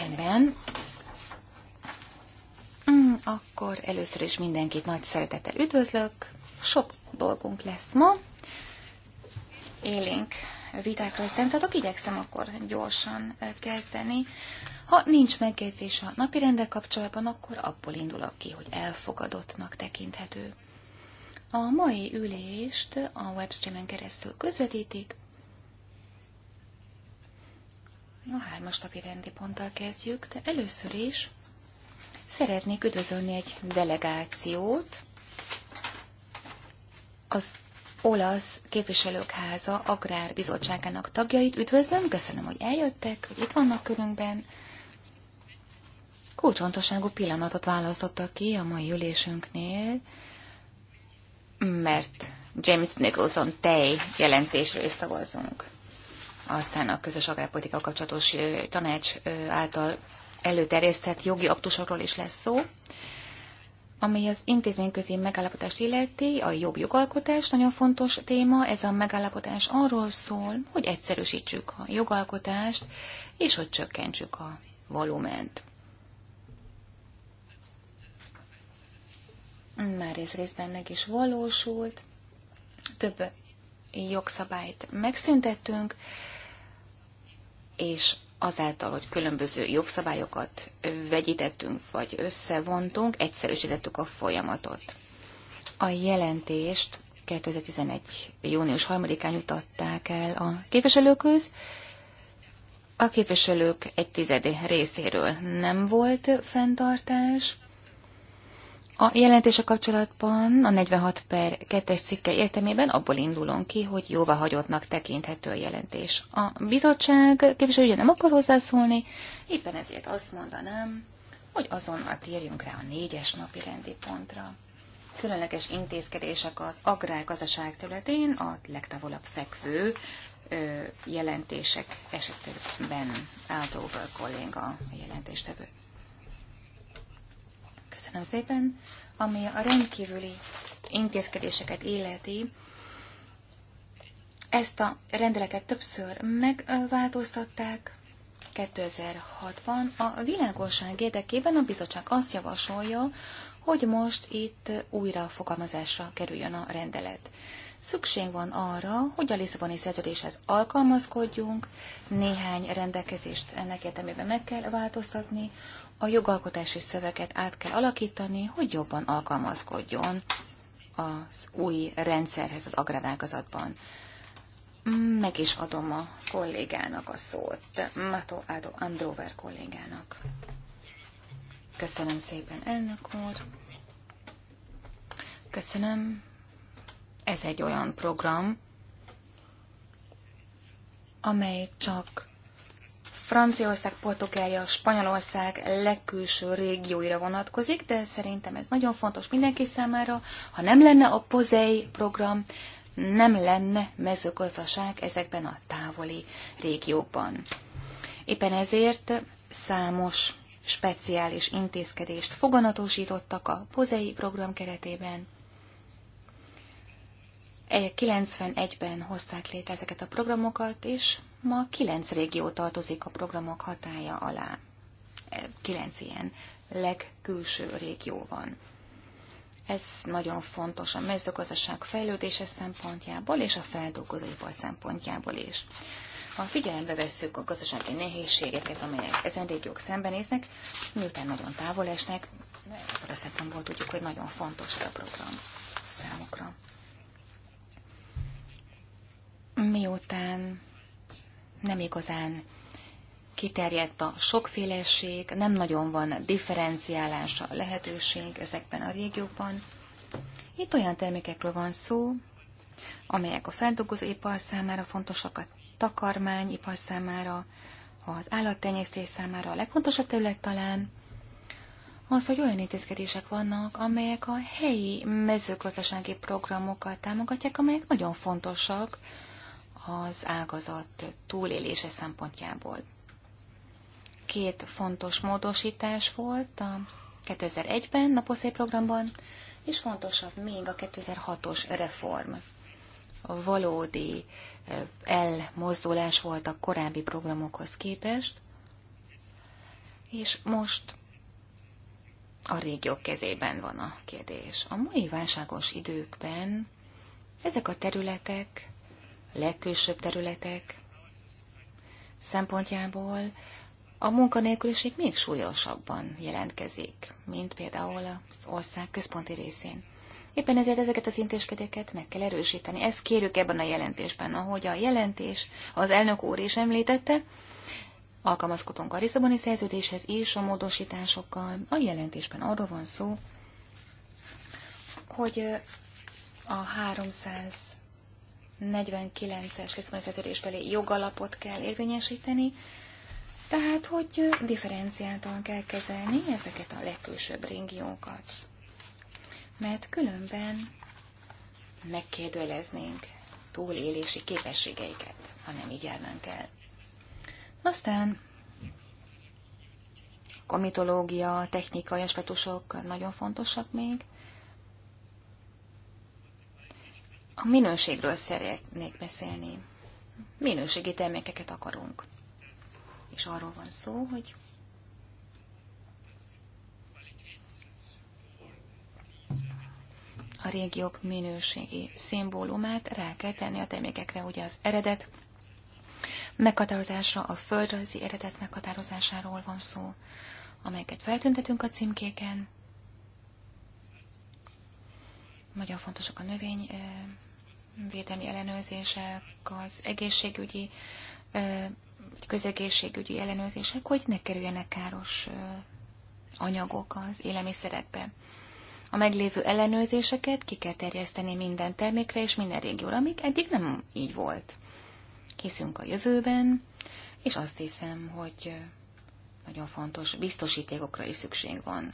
Rendben. Mm, akkor először is mindenkit nagy szeretettel üdvözlök. Sok dolgunk lesz ma. Élénk vitákra is számítatok, igyekszem akkor gyorsan kezdeni. Ha nincs megjegyzés a napi rendel kapcsolatban, akkor abból indulok ki, hogy elfogadottnak tekinthető. A mai ülést a webstreamen keresztül közvetítik, A hármas napi rendi ponttal kezdjük, de először is szeretnék üdvözölni egy delegációt. Az olasz képviselők háza Agrárbizottságának tagjait üdvözlöm, köszönöm, hogy eljöttek, hogy itt vannak körünkben. Kulcsfontosságú pillanatot választottak ki a mai ülésünknél, mert James Nicholson tej jelentésről szavazunk aztán a közös agrárpolitika kapcsolatos tanács által előterjesztett jogi aktusokról is lesz szó, ami az intézményközi megállapodást illeti, a jobb jogalkotás nagyon fontos téma. Ez a megállapodás arról szól, hogy egyszerűsítsük a jogalkotást, és hogy csökkentsük a volument. Már ez részben meg is valósult. Több jogszabályt megszüntettünk, és azáltal, hogy különböző jogszabályokat vegyítettünk vagy összevontunk, egyszerűsítettük a folyamatot. A jelentést 2011. június 3-án jutatták el a képviselőköz. A képviselők egy tized részéről nem volt fenntartás, a jelentése kapcsolatban a 46 per 2-es cikke értelmében abból indulunk ki, hogy jóvahagyottnak tekinthető a jelentés. A bizottság képviselője nem akar hozzászólni, éppen ezért azt mondanám, hogy azonnal térjünk rá a négyes napi rendi pontra. Különleges intézkedések az agrárgazdaság területén a legtávolabb fekvő jelentések esetében Aldover kolléga a jelentéstevő. Köszönöm szépen. Ami a rendkívüli intézkedéseket illeti, ezt a rendeletet többször megváltoztatták. 2006-ban a világosság érdekében a bizottság azt javasolja, hogy most itt újra fogalmazásra kerüljön a rendelet. Szükség van arra, hogy a Lisszaboni szerződéshez alkalmazkodjunk, néhány rendelkezést ennek értelmében meg kell változtatni, a jogalkotási szöveget át kell alakítani, hogy jobban alkalmazkodjon az új rendszerhez az agrárágazatban. Meg is adom a kollégának a szót, Mato Ado Androver kollégának. Köszönöm szépen, elnök úr. Köszönöm. Ez egy olyan program, amely csak Franciaország, Portugália, Spanyolország legkülső régióira vonatkozik, de szerintem ez nagyon fontos mindenki számára. Ha nem lenne a POZEI program, nem lenne mezőgazdaság ezekben a távoli régiókban. Éppen ezért számos speciális intézkedést foganatosítottak a POZEI program keretében, 91-ben hozták létre ezeket a programokat, és ma 9 régió tartozik a programok hatája alá. 9 e, ilyen legkülső régió van. Ez nagyon fontos a mezőgazdaság fejlődése szempontjából és a feldolgozóipar szempontjából is. Ha figyelembe vesszük a gazdasági nehézségeket, amelyek ezen régiók szembenéznek, miután nagyon távol esnek, akkor a szempontból tudjuk, hogy nagyon fontos ez a program számukra miután nem igazán kiterjedt a sokféleség, nem nagyon van differenciálásra lehetőség ezekben a régiókban. Itt olyan termékekről van szó, amelyek a ipar számára fontosak, a ipar számára, az állattenyésztés számára a legfontosabb terület talán, az, hogy olyan intézkedések vannak, amelyek a helyi mezőgazdasági programokat támogatják, amelyek nagyon fontosak az ágazat túlélése szempontjából. Két fontos módosítás volt a 2001-ben naposzély programban, és fontosabb még a 2006-os reform. A valódi elmozdulás volt a korábbi programokhoz képest, és most a régiók kezében van a kérdés. A mai válságos időkben ezek a területek legkülsőbb területek szempontjából a munkanélküliség még súlyosabban jelentkezik, mint például az ország központi részén. Éppen ezért ezeket az intézkedéket meg kell erősíteni. Ezt kérjük ebben a jelentésben, ahogy a jelentés, az elnök úr is említette, alkalmazkodunk a Lisszaboni szerződéshez és a módosításokkal. A jelentésben arról van szó, hogy a 300 49-es Lisszaboni jogalapot kell érvényesíteni, tehát, hogy differenciáltan kell kezelni ezeket a legkülsőbb régiókat. Mert különben megkérdőleznénk túlélési képességeiket, ha nem így járnánk el. Aztán komitológia, technikai aspektusok nagyon fontosak még. A minőségről szeretnék beszélni. Minőségi termékeket akarunk. És arról van szó, hogy a régiók minőségi szimbólumát rá kell tenni a termékekre, ugye az eredet meghatározása, a földrajzi eredet meghatározásáról van szó, amelyeket feltüntetünk a címkéken. Nagyon fontosak a növény eh, védelmi ellenőrzések, az egészségügyi, vagy közegészségügyi ellenőrzések, hogy ne kerüljenek káros anyagok az élelmiszerekbe. A meglévő ellenőrzéseket ki kell terjeszteni minden termékre és minden régióra, amik eddig nem így volt. Hiszünk a jövőben, és azt hiszem, hogy nagyon fontos biztosítékokra is szükség van.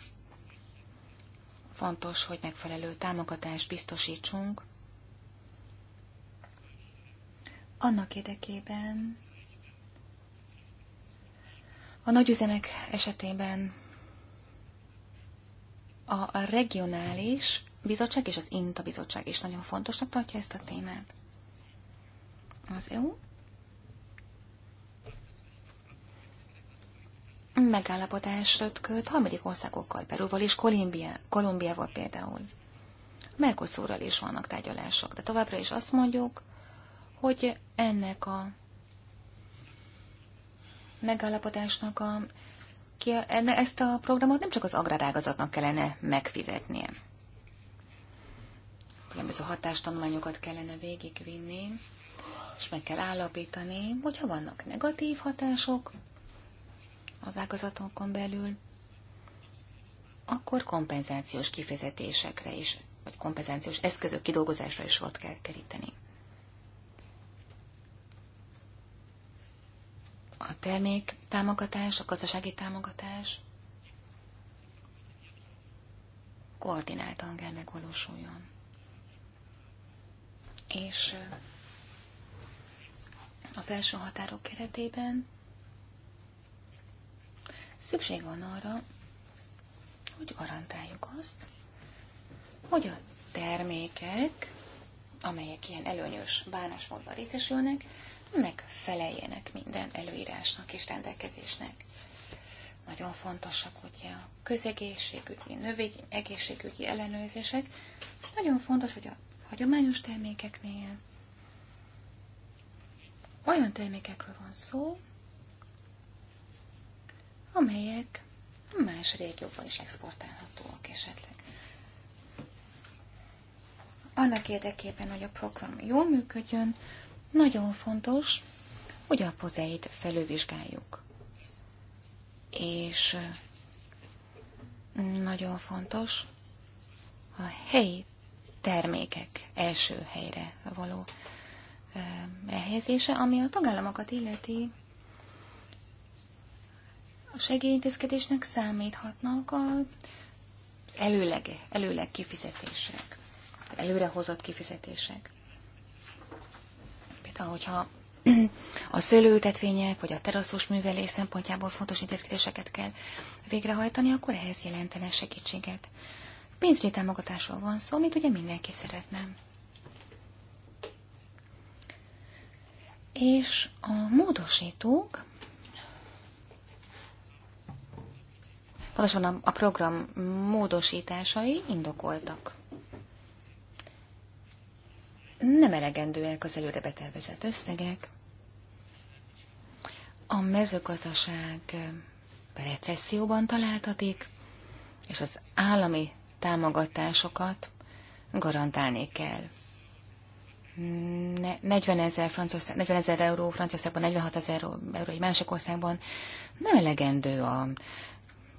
Fontos, hogy megfelelő támogatást biztosítsunk annak érdekében a nagyüzemek esetében a regionális bizottság és az INTA bizottság is nagyon fontosnak tartja ezt a témát. Az EU megállapodásra költ harmadik országokkal, Perúval és Kolumbia, Kolumbiával például. Mercosurral is vannak tárgyalások, de továbbra is azt mondjuk, hogy ennek a megállapodásnak a, ki, ezt a programot nem csak az agrárágazatnak kellene megfizetnie. Különböző hatástanulmányokat kellene végigvinni, és meg kell állapítani, hogyha vannak negatív hatások az ágazatokon belül, akkor kompenzációs kifizetésekre is, vagy kompenzációs eszközök kidolgozásra is volt kell keríteni. a termék támogatás, a gazdasági támogatás koordináltan kell megvalósuljon. És a felső határok keretében szükség van arra, hogy garantáljuk azt, hogy a termékek, amelyek ilyen előnyös bánásmódban részesülnek, megfeleljenek minden előírásnak és rendelkezésnek. Nagyon fontosak ugye a közegészségügyi, növényegészségügyi ellenőrzések, és nagyon fontos, hogy a hagyományos termékeknél olyan termékekről van szó, amelyek más régióban is exportálhatóak esetleg. Annak érdekében, hogy a program jól működjön, nagyon fontos, hogy a pozeit felülvizsgáljuk. És nagyon fontos a helyi termékek első helyre való elhelyezése, ami a tagállamokat illeti a segélyintézkedésnek számíthatnak az előleg, előleg kifizetések, előrehozott kifizetések tehát hogyha a szőlőültetvények vagy a teraszos művelés szempontjából fontos intézkedéseket kell végrehajtani, akkor ehhez jelentene segítséget. Pénzügyi támogatásról van szó, amit ugye mindenki szeretne. És a módosítók, pontosan a, a program módosításai indokoltak nem elegendőek az előre betervezett összegek. A mezőgazdaság recesszióban találtatik, és az állami támogatásokat garantálni kell. 40 ezer, Franciaország, 40 ezer euró Franciaországban, 46 ezer euró egy másik országban nem elegendő a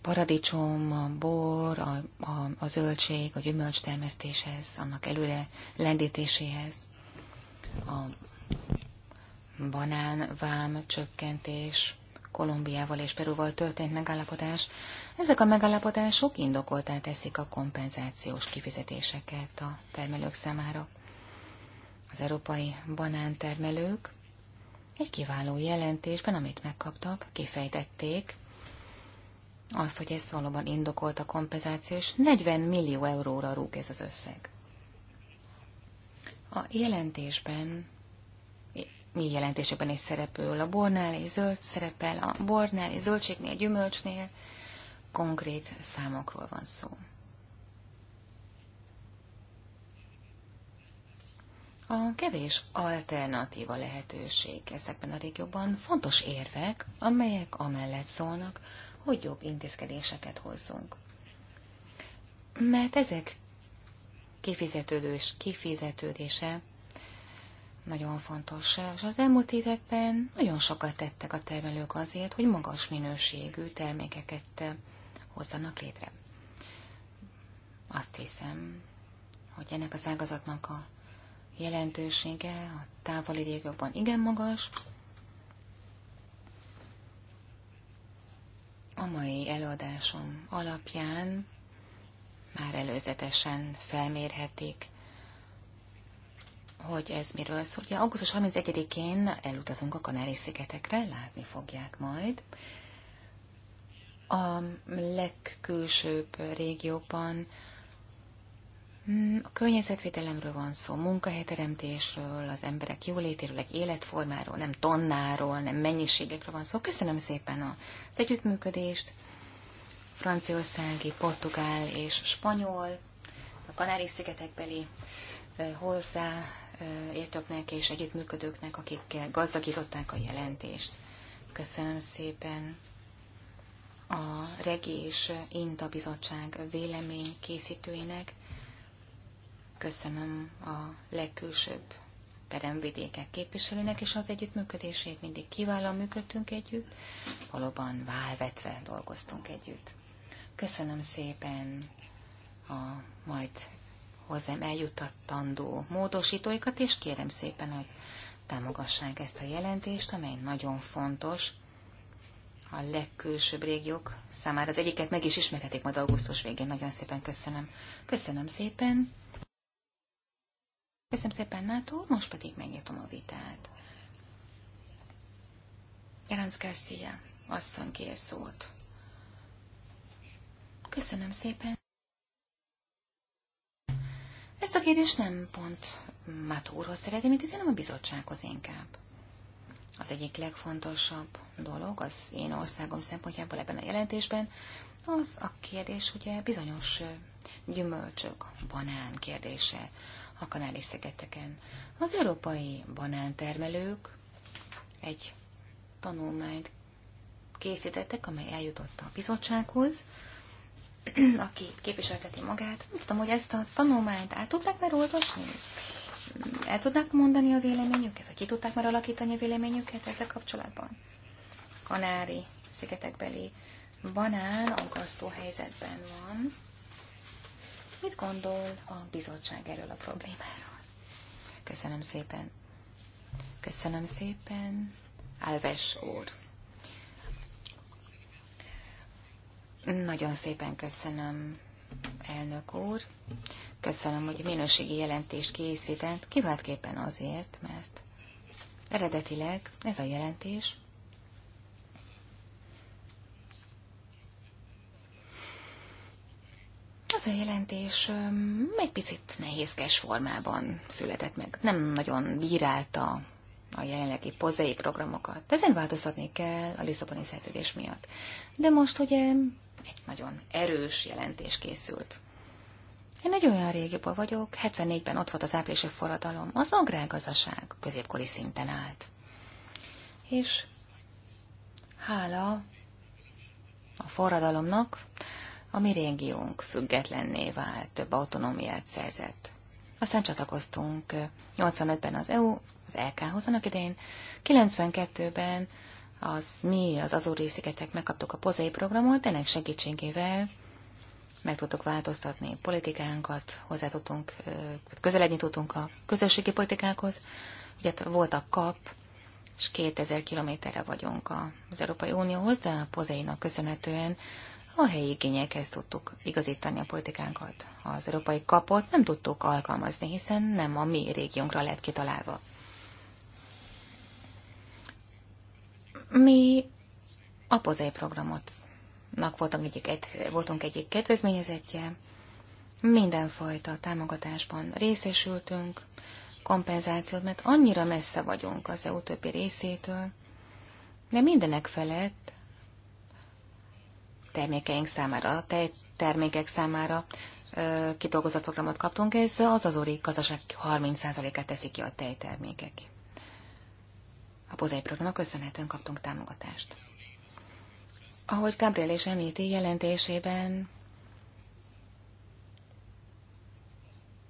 paradicsom, a bor, a, a, a zöldség, a gyümölcs termesztéshez, annak előre lendítéséhez, a banánvám csökkentés, Kolumbiával és Perúval történt megállapodás, ezek a megállapodások indokoltá teszik a kompenzációs kifizetéseket a termelők számára. Az európai banántermelők egy kiváló jelentésben, amit megkaptak, kifejtették, az, hogy ez valóban indokolt a kompenzáció, és 40 millió euróra rúg ez az összeg. A jelentésben, mi jelentésében is szerepül, a bornál és zöld szerepel, a bornál és zöldségnél, gyümölcsnél, konkrét számokról van szó. A kevés alternatíva lehetőség ezekben a régióban fontos érvek, amelyek amellett szólnak, hogy jobb intézkedéseket hozzunk. Mert ezek kifizetődős, kifizetődése nagyon fontos, és az elmúlt években nagyon sokat tettek a termelők azért, hogy magas minőségű termékeket hozzanak létre. Azt hiszem, hogy ennek az ágazatnak a jelentősége a távoli régiókban igen magas, A mai előadásom alapján már előzetesen felmérhetik, hogy ez miről szól. Ugye augusztus 31-én elutazunk a Kanári-szigetekre, látni fogják majd. A legkülsőbb régióban Hmm, a környezetvédelemről van szó, munkahelyteremtésről, az emberek jólétéről, egy életformáról, nem tonnáról, nem mennyiségekről van szó. Köszönöm szépen az együttműködést. Franciaországi, portugál és spanyol, a Kanári-szigetekbeli hozzáértőknek és együttműködőknek, akikkel gazdagították a jelentést. Köszönöm szépen a Regi és Inta Bizottság vélemény készítőinek, Köszönöm a legkülsőbb peremvidékek képviselőnek és az együttműködését. Mindig kiválóan működtünk együtt, valóban válvetve dolgoztunk együtt. Köszönöm szépen a majd hozzám eljutattandó módosítóikat, és kérem szépen, hogy támogassák ezt a jelentést, amely nagyon fontos a legkülsőbb régiók számára. Az egyiket meg is ismerhetik majd augusztus végén. Nagyon szépen köszönöm. Köszönöm szépen. Köszönöm szépen, Mátó, most pedig megnyitom a vitát. Jelenc Garcia, asszony kér szót. Köszönöm szépen. Ezt a kérdést nem pont Matúrhoz szeretném mint hiszen a bizottsághoz inkább. Az egyik legfontosabb dolog az én országom szempontjából ebben a jelentésben az a kérdés, ugye bizonyos gyümölcsök, banán kérdése, a kanári szigeteken. Az európai banántermelők egy tanulmányt készítettek, amely eljutott a bizottsághoz, aki képviselteti magát. Nem tudom, hogy ezt a tanulmányt el tudták már olvasni? El tudnák mondani a véleményüket? Vagy ki tudták már alakítani a véleményüket ezzel kapcsolatban? Kanári szigetekbeli banán aggasztó helyzetben van. Mit gondol a bizottság erről a problémáról? Köszönöm szépen. Köszönöm szépen, Alves úr. Nagyon szépen köszönöm, elnök úr. Köszönöm, hogy minőségi jelentést készített, kiváltképpen azért, mert eredetileg ez a jelentés Az a jelentés egy picit nehézkes formában született meg. Nem nagyon bírálta a jelenlegi pozei programokat. Ezen változtatni kell a Lisszaboni szerződés miatt. De most ugye egy nagyon erős jelentés készült. Én egy olyan régióban vagyok, 74-ben ott volt az áprilisi forradalom, az agrárgazdaság középkori szinten állt. És hála a forradalomnak a mi régiónk függetlenné vált, több autonómiát szerzett. Aztán csatlakoztunk 85-ben az EU, az LK-hoz e annak idején, 92-ben az mi, az Azóri szigetek megkaptuk a pozai programot, ennek segítségével meg tudtuk változtatni politikánkat, hozzá tudtunk, közeledni tudtunk a közösségi politikákhoz. Ugye volt a KAP, és 2000 kilométerre vagyunk az Európai Unióhoz, de a pozainak köszönhetően a helyi igényekhez tudtuk igazítani a politikánkat. Az európai kapot nem tudtuk alkalmazni, hiszen nem a mi régiónkra lett kitalálva. Mi a pozai programotnak voltunk egyik, egy, voltunk egyik kedvezményezettje, mindenfajta támogatásban részesültünk, kompenzációt, mert annyira messze vagyunk az EU többi részétől, de mindenek felett termékeink számára, a tejtermékek számára kidolgozott programot kaptunk, ez az úri gazdaság 30%-át teszi ki a tejtermékek. A pozai programnak köszönhetően kaptunk támogatást. Ahogy Gabriel is említi jelentésében,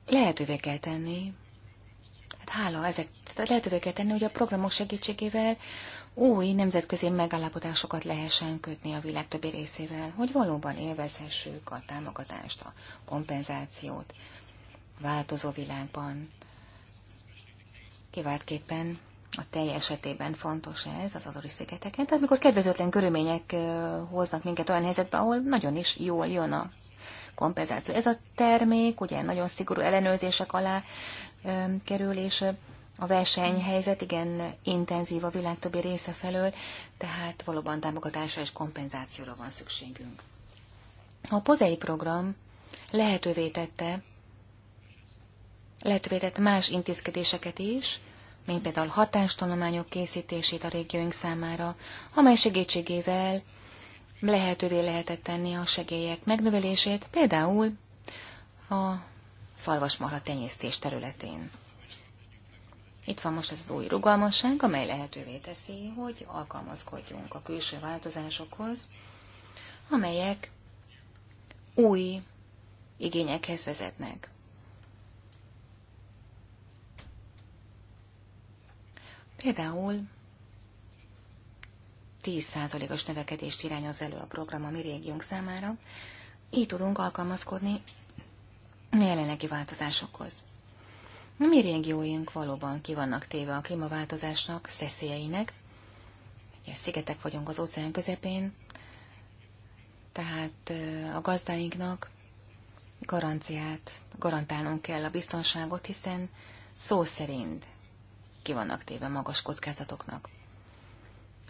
lehetővé kell tenni, hát hála ezek, tehát lehetővé kell tenni, hogy a programok segítségével új nemzetközi megállapodásokat lehessen kötni a világ többi részével, hogy valóban élvezhessük a támogatást, a kompenzációt változó világban. Kiváltképpen a tej esetében fontos ez az azori szigeteken, tehát amikor kedvezőtlen körülmények hoznak minket olyan helyzetbe, ahol nagyon is jól jön a kompenzáció. Ez a termék ugye nagyon szigorú ellenőrzések alá kerül, és a versenyhelyzet igen intenzív a világ többi része felől, tehát valóban támogatásra és kompenzációra van szükségünk. A pozei program lehetővé tette, lehetővé tette más intézkedéseket is, mint például hatástanulmányok készítését a régióink számára, amely segítségével lehetővé lehetett tenni a segélyek megnövelését, például a szarvasmarha tenyésztés területén. Itt van most ez az új rugalmasság, amely lehetővé teszi, hogy alkalmazkodjunk a külső változásokhoz, amelyek új igényekhez vezetnek. Például 10%-os növekedést irányoz elő a program a mi régiónk számára, így tudunk alkalmazkodni a jelenlegi változásokhoz mi régióink valóban ki vannak téve a klímaváltozásnak, szeszélyeinek. Ugye szigetek vagyunk az óceán közepén, tehát a gazdáinknak garanciát, garantálnunk kell a biztonságot, hiszen szó szerint ki vannak téve magas kockázatoknak.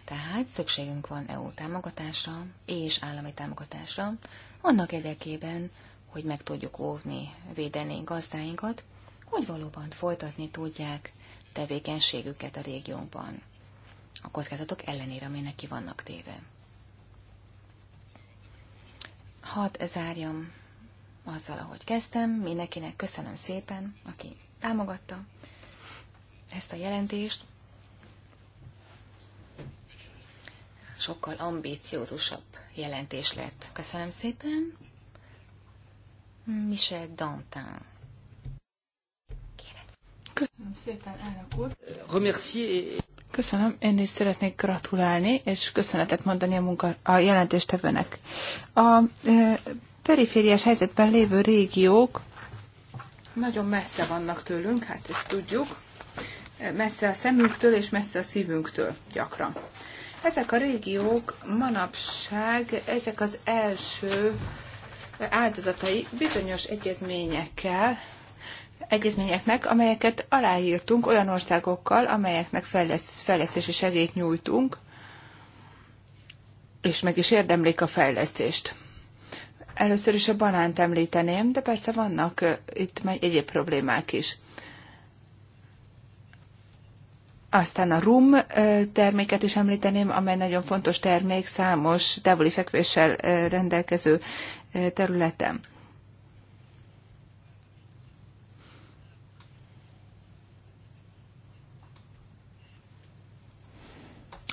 Tehát szükségünk van EU támogatásra és állami támogatásra, annak érdekében, hogy meg tudjuk óvni, védeni gazdáinkat, hogy valóban folytatni tudják tevékenységüket a régióban, a kockázatok ellenére, amelynek ki vannak téve. Hadd zárjam azzal, ahogy kezdtem. Mindenkinek köszönöm szépen, aki támogatta ezt a jelentést. Sokkal ambíciózusabb jelentés lett. Köszönöm szépen. Michel Dantin Köszönöm én is szeretnék gratulálni, és köszönetet mondani a, munka, a jelentéstevőnek. A e, perifériás helyzetben lévő régiók nagyon messze vannak tőlünk, hát ezt tudjuk, messze a szemünktől és messze a szívünktől gyakran. Ezek a régiók manapság, ezek az első áldozatai bizonyos egyezményekkel, egyezményeknek, amelyeket aláírtunk olyan országokkal, amelyeknek fejlesz, fejlesztési segélyt nyújtunk, és meg is érdemlik a fejlesztést. Először is a banánt említeném, de persze vannak itt meg egyéb problémák is. Aztán a rum terméket is említeném, amely nagyon fontos termék számos távoli fekvéssel rendelkező területen.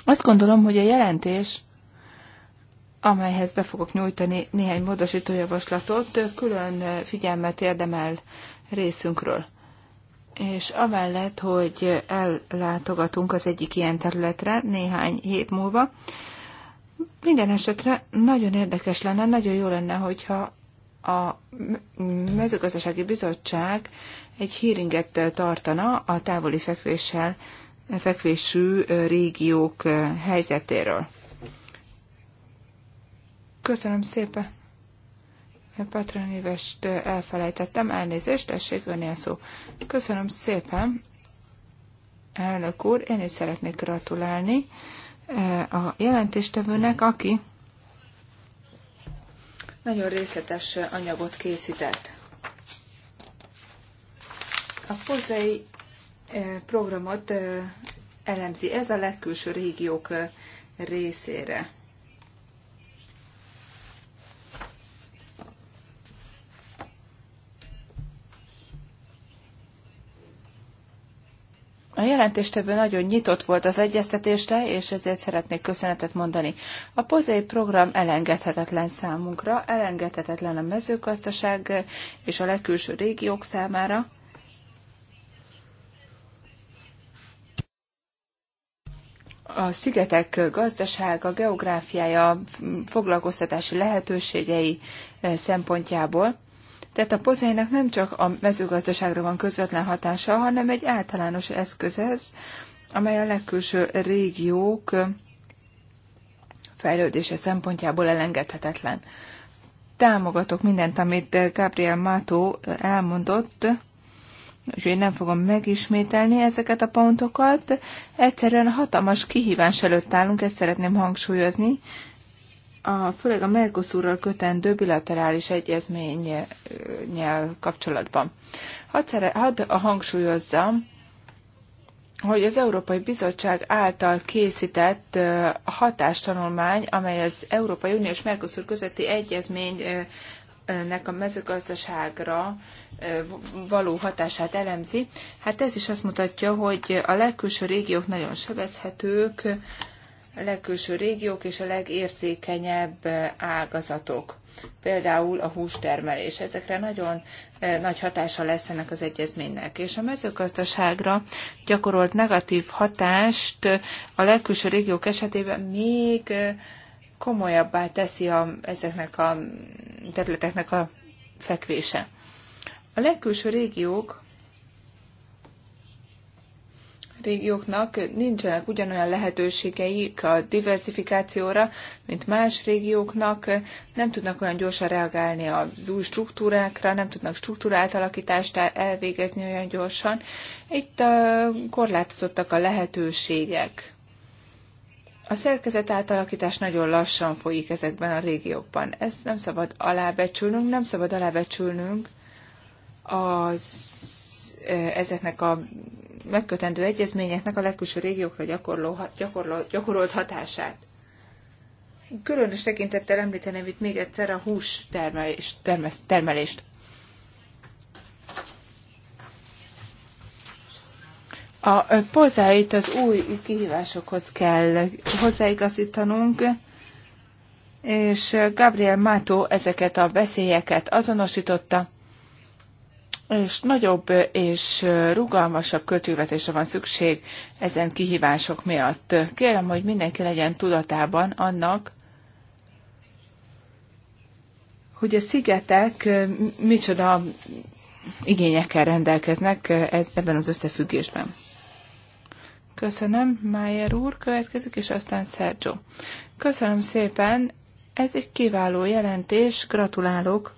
Azt gondolom, hogy a jelentés, amelyhez be fogok nyújtani néhány módosítójavaslatot, külön figyelmet érdemel részünkről. És amellett, hogy ellátogatunk az egyik ilyen területre néhány hét múlva, minden esetre nagyon érdekes lenne, nagyon jó lenne, hogyha a mezőgazdasági bizottság egy híringet tartana a távoli fekvéssel fekvésű régiók helyzetéről. Köszönöm szépen. Patronévest elfelejtettem, elnézést, tessék a szó. Köszönöm szépen, elnök úr, én is szeretnék gratulálni a jelentéstevőnek, aki nagyon részletes anyagot készített. A pozai programot elemzi. Ez a legkülső régiók részére. A jelentéstevő nagyon nyitott volt az egyeztetésre, és ezért szeretnék köszönetet mondani. A pozai program elengedhetetlen számunkra, elengedhetetlen a mezőgazdaság és a legkülső régiók számára. a szigetek gazdasága, geográfiája, foglalkoztatási lehetőségei eh, szempontjából. Tehát a pozainak nem csak a mezőgazdaságra van közvetlen hatása, hanem egy általános eszköz ez, amely a legkülső régiók eh, fejlődése szempontjából elengedhetetlen. Támogatok mindent, amit eh, Gabriel Mato elmondott, úgyhogy nem fogom megismételni ezeket a pontokat. Egyszerűen hatalmas kihívás előtt állunk, ezt szeretném hangsúlyozni. A, főleg a Mercosurral kötendő bilaterális egyezménnyel kapcsolatban. Hadd, szere, hadd hangsúlyozzam, hogy az Európai Bizottság által készített hatástanulmány, amely az Európai Unió és Mercosur közötti egyezmény nek a mezőgazdaságra való hatását elemzi. Hát ez is azt mutatja, hogy a legkülső régiók nagyon sebezhetők, a legkülső régiók és a legérzékenyebb ágazatok, például a hústermelés. Ezekre nagyon nagy hatása lesz ennek az egyezménynek. És a mezőgazdaságra gyakorolt negatív hatást a legkülső régiók esetében még komolyabbá teszi a, ezeknek a területeknek a fekvése. A legkülső régiók régióknak nincsenek ugyanolyan lehetőségeik a diversifikációra, mint más régióknak, nem tudnak olyan gyorsan reagálni az új struktúrákra, nem tudnak struktúrátalakítást elvégezni olyan gyorsan. Itt korlátozottak a lehetőségek. A szerkezet átalakítás nagyon lassan folyik ezekben a régiókban. Ezt nem szabad alábecsülnünk, nem szabad alábecsülnünk az, ezeknek a megkötendő egyezményeknek a legkülső régiókra gyakorló, gyakorló, gyakorolt hatását. Különös tekintettel említeném itt még egyszer a hús termelést. termelést. A pozáit az új kihívásokhoz kell hozzáigazítanunk, és Gabriel Mátó ezeket a veszélyeket azonosította, és nagyobb és rugalmasabb költségvetésre van szükség ezen kihívások miatt. Kérem, hogy mindenki legyen tudatában annak, hogy a szigetek micsoda igényekkel rendelkeznek ebben az összefüggésben. Köszönöm, Májer úr következik, és aztán Sergio. Köszönöm szépen, ez egy kiváló jelentés, gratulálok.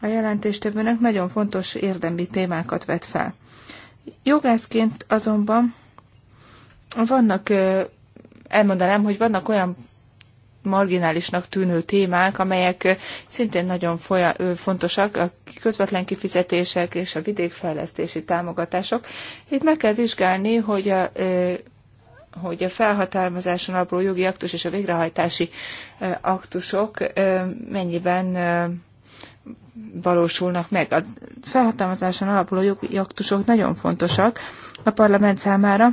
A jelentéstevőnek nagyon fontos érdemi témákat vet fel. Jogászként azonban vannak, elmondanám, hogy vannak olyan marginálisnak tűnő témák, amelyek szintén nagyon folya, fontosak, a közvetlen kifizetések és a vidékfejlesztési támogatások. Itt meg kell vizsgálni, hogy a hogy a felhatalmazáson alapuló jogi aktus és a végrehajtási aktusok mennyiben valósulnak meg. A felhatalmazáson alapuló jogi aktusok nagyon fontosak a parlament számára,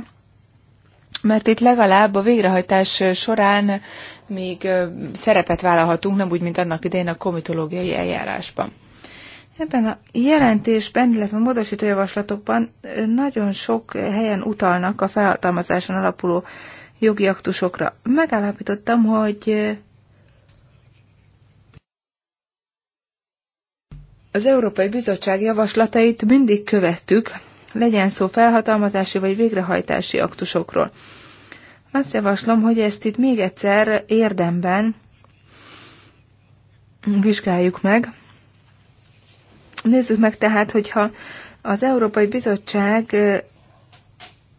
mert itt legalább a végrehajtás során még szerepet vállalhatunk, nem úgy, mint annak idején a komitológiai eljárásban. Ebben a jelentésben, illetve a módosító javaslatokban nagyon sok helyen utalnak a felhatalmazáson alapuló jogi aktusokra. Megállapítottam, hogy az Európai Bizottság javaslatait mindig követtük, legyen szó felhatalmazási vagy végrehajtási aktusokról. Azt javaslom, hogy ezt itt még egyszer érdemben vizsgáljuk meg. Nézzük meg tehát, hogyha az Európai Bizottság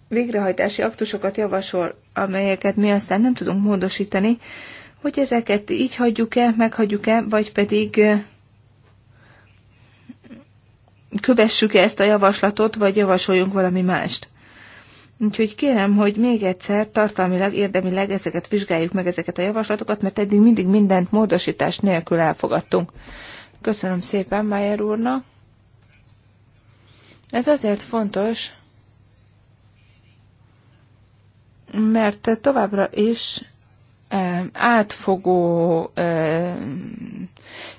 végrehajtási aktusokat javasol, amelyeket mi aztán nem tudunk módosítani, hogy ezeket így hagyjuk-e, meghagyjuk-e, vagy pedig kövessük-e ezt a javaslatot, vagy javasoljunk valami mást. Úgyhogy kérem, hogy még egyszer tartalmilag, érdemileg ezeket vizsgáljuk meg, ezeket a javaslatokat, mert eddig mindig mindent módosítás nélkül elfogadtunk. Köszönöm szépen Mayer úrnak. Ez azért fontos, mert továbbra is eh, átfogó eh,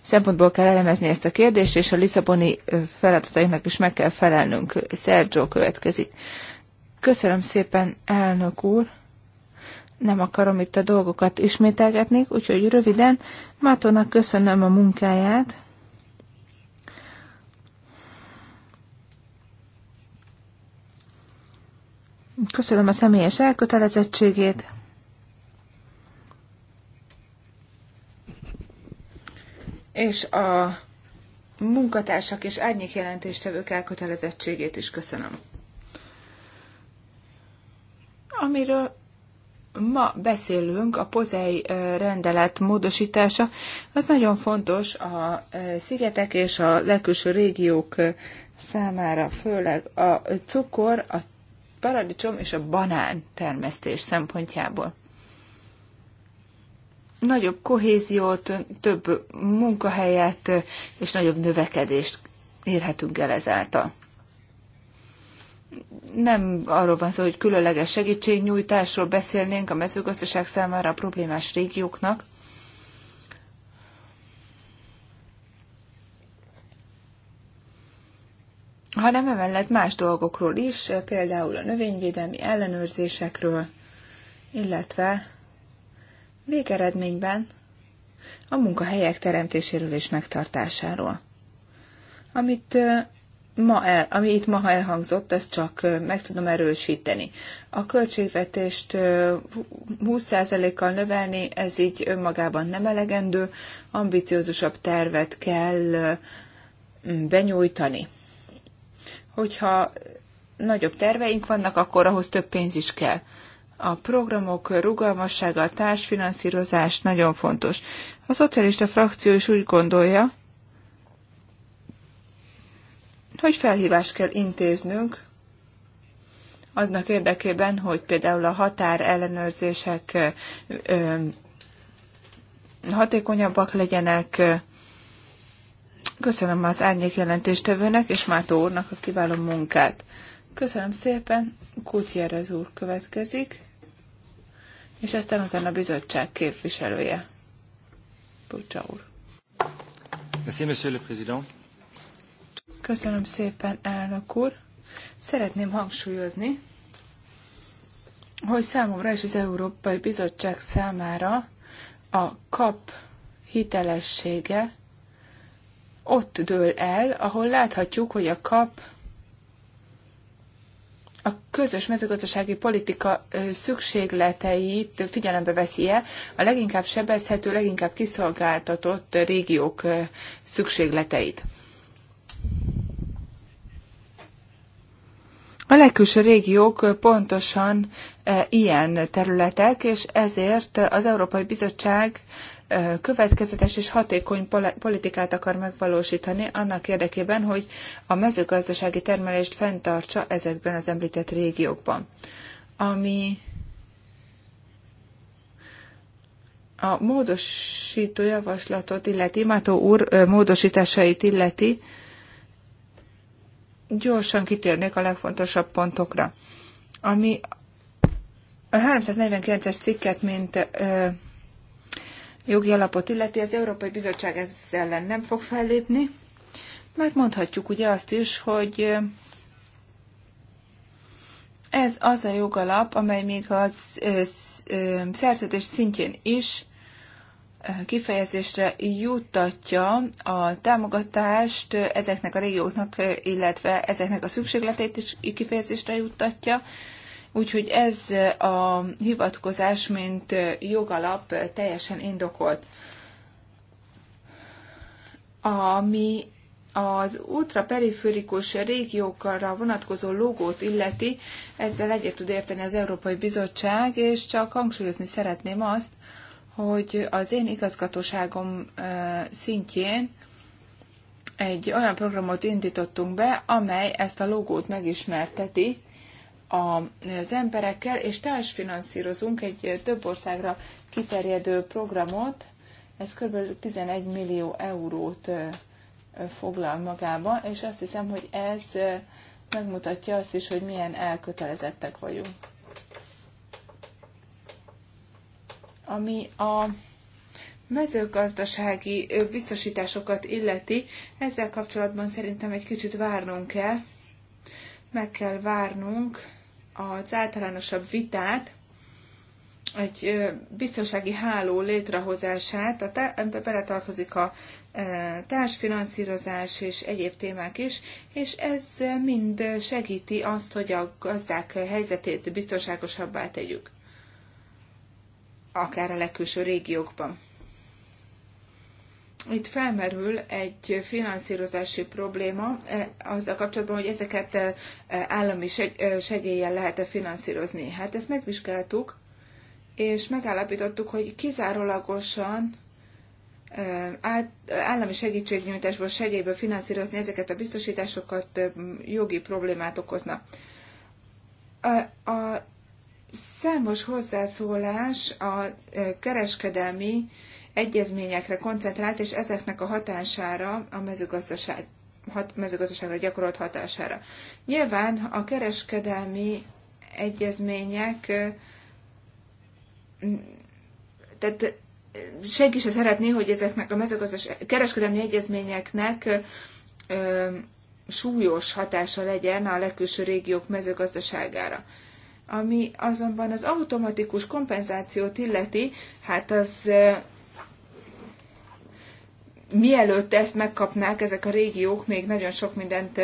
szempontból kell elemezni ezt a kérdést, és a Lisszaboni feladatainak is meg kell felelnünk. Sergio következik. Köszönöm szépen, elnök úr! Nem akarom itt a dolgokat ismételgetni, úgyhogy röviden Mátónak köszönöm a munkáját. Köszönöm a személyes elkötelezettségét. és a munkatársak és árnyék jelentéstevők elkötelezettségét is köszönöm. Amiről ma beszélünk, a pozei rendelet módosítása, az nagyon fontos a szigetek és a legkülső régiók számára, főleg a cukor, a paradicsom és a banán termesztés szempontjából nagyobb kohéziót, több munkahelyet és nagyobb növekedést érhetünk el ezáltal. Nem arról van szó, hogy különleges segítségnyújtásról beszélnénk a mezőgazdaság számára a problémás régióknak, hanem emellett más dolgokról is, például a növényvédelmi ellenőrzésekről, illetve Végeredményben a munkahelyek teremtéséről és megtartásáról. Amit ma el, ami itt ma elhangzott, ezt csak meg tudom erősíteni. A költségvetést 20%-kal növelni, ez így önmagában nem elegendő, ambiciózusabb tervet kell benyújtani. Hogyha nagyobb terveink vannak, akkor ahhoz több pénz is kell a programok rugalmassága, a társfinanszírozás nagyon fontos. A szocialista frakció is úgy gondolja, hogy felhívást kell intéznünk annak érdekében, hogy például a határ ellenőrzések hatékonyabbak legyenek. Köszönöm az árnyék jelentéstevőnek és Mátó úrnak a kiváló munkát. Köszönöm szépen, Kutyerez úr következik és aztán utána a bizottság képviselője. Pucsa úr. Köszönöm szépen, elnök úr. Szeretném hangsúlyozni, hogy számomra és az Európai Bizottság számára a kap hitelessége ott dől el, ahol láthatjuk, hogy a kap a közös mezőgazdasági politika szükségleteit figyelembe veszi-e a leginkább sebezhető, leginkább kiszolgáltatott régiók szükségleteit. A legkülső régiók pontosan ilyen területek, és ezért az Európai Bizottság következetes és hatékony politikát akar megvalósítani annak érdekében, hogy a mezőgazdasági termelést fenntartsa ezekben az említett régiókban. Ami a módosító javaslatot illeti, Mátó úr módosításait illeti, gyorsan kitérnék a legfontosabb pontokra. Ami a 349-es cikket, mint jogi alapot illeti, az Európai Bizottság ezzel ellen nem fog fellépni, mert mondhatjuk ugye azt is, hogy ez az a jogalap, amely még a szerződés szintjén is kifejezésre juttatja a támogatást ezeknek a régióknak, illetve ezeknek a szükségleteit is kifejezésre juttatja, Úgyhogy ez a hivatkozás, mint jogalap teljesen indokolt. Ami az ultraperiférikus régiókra vonatkozó logót illeti, ezzel egyet tud érteni az Európai Bizottság, és csak hangsúlyozni szeretném azt, hogy az én igazgatóságom szintjén egy olyan programot indítottunk be, amely ezt a logót megismerteti, az emberekkel, és társfinanszírozunk egy több országra kiterjedő programot, ez kb. 11 millió eurót foglal magába, és azt hiszem, hogy ez megmutatja azt is, hogy milyen elkötelezettek vagyunk. Ami a mezőgazdasági biztosításokat illeti, ezzel kapcsolatban szerintem egy kicsit várnunk kell, meg kell várnunk, az általánosabb vitát, egy biztonsági háló létrehozását, a te, ebbe beletartozik a társfinanszírozás és egyéb témák is, és ez mind segíti azt, hogy a gazdák helyzetét biztonságosabbá tegyük, akár a legkülső régiókban itt felmerül egy finanszírozási probléma e, azzal kapcsolatban, hogy ezeket e, állami e, segélyen lehet-e finanszírozni. Hát ezt megvizsgáltuk, és megállapítottuk, hogy kizárólagosan állami segítségnyújtásból, segélyből finanszírozni ezeket a biztosításokat jogi problémát okozna. A számos hozzászólás a kereskedelmi egyezményekre koncentrált, és ezeknek a hatására a mezőgazdaság, hat, mezőgazdaságra gyakorolt hatására. Nyilván a kereskedelmi egyezmények tehát senki se szeretné, hogy ezeknek a mezőgazdaság kereskedelmi egyezményeknek súlyos hatása legyen a legkülső régiók mezőgazdaságára. Ami azonban az automatikus kompenzációt illeti, hát az mielőtt ezt megkapnák ezek a régiók, még nagyon sok mindent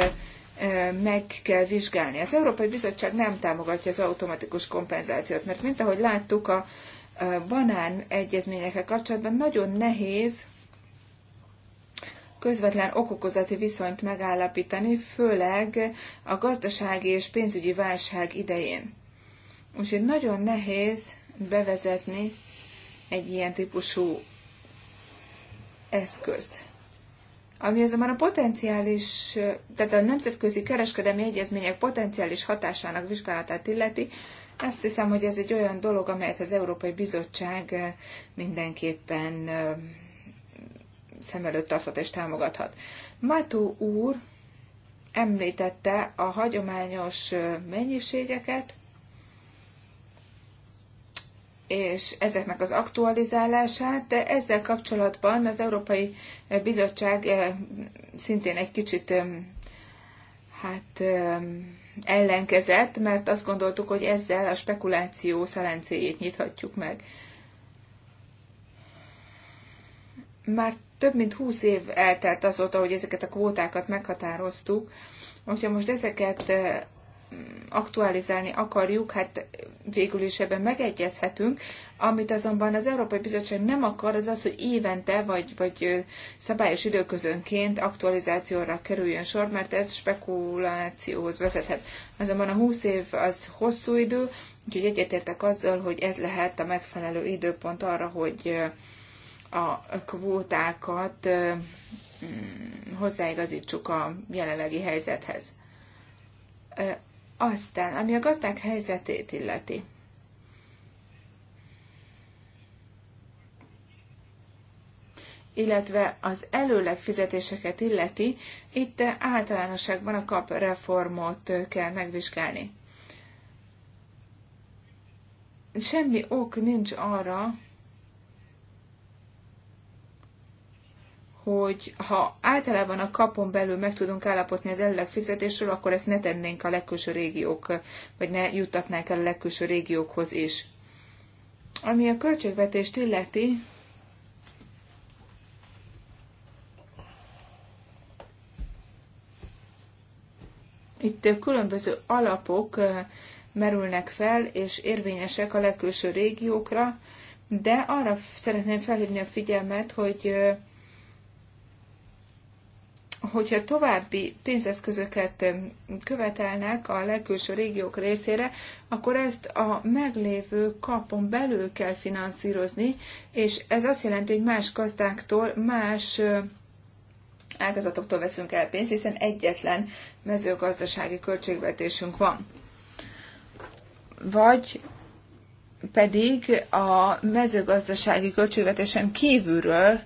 meg kell vizsgálni. Az Európai Bizottság nem támogatja az automatikus kompenzációt, mert mint ahogy láttuk a banán egyezményekkel kapcsolatban, nagyon nehéz közvetlen okokozati viszonyt megállapítani, főleg a gazdasági és pénzügyi válság idején. Úgyhogy nagyon nehéz bevezetni egy ilyen típusú eszközt. Ami azonban a potenciális, tehát a nemzetközi kereskedelmi egyezmények potenciális hatásának vizsgálatát illeti, azt hiszem, hogy ez egy olyan dolog, amelyet az Európai Bizottság mindenképpen szem előtt tarthat és támogathat. Mató úr említette a hagyományos mennyiségeket, és ezeknek az aktualizálását. Ezzel kapcsolatban az Európai Bizottság eh, szintén egy kicsit eh, hát eh, ellenkezett, mert azt gondoltuk, hogy ezzel a spekuláció szelencéjét nyithatjuk meg. Már több mint húsz év eltelt azóta, hogy ezeket a kvótákat meghatároztuk, hogyha most ezeket aktualizálni akarjuk, hát végül is ebben megegyezhetünk. Amit azonban az Európai Bizottság nem akar, az az, hogy évente vagy, vagy szabályos időközönként aktualizációra kerüljön sor, mert ez spekulációhoz vezethet. Azonban a 20 év az hosszú idő, úgyhogy egyetértek azzal, hogy ez lehet a megfelelő időpont arra, hogy a kvótákat mm, hozzáigazítsuk a jelenlegi helyzethez aztán, ami a gazdák helyzetét illeti. illetve az előleg fizetéseket illeti, itt általánosságban a kap reformot kell megvizsgálni. Semmi ok nincs arra, hogy ha általában a kapon belül meg tudunk állapotni az előleg fizetésről, akkor ezt ne tennénk a legkülső régiók, vagy ne juttatnánk el a legkülső régiókhoz is. Ami a költségvetést illeti, itt különböző alapok merülnek fel, és érvényesek a legkülső régiókra, de arra szeretném felhívni a figyelmet, hogy hogyha további pénzeszközöket követelnek a legkülső régiók részére, akkor ezt a meglévő kapon belül kell finanszírozni, és ez azt jelenti, hogy más gazdáktól, más ágazatoktól veszünk el pénzt, hiszen egyetlen mezőgazdasági költségvetésünk van. Vagy pedig a mezőgazdasági költségvetésen kívülről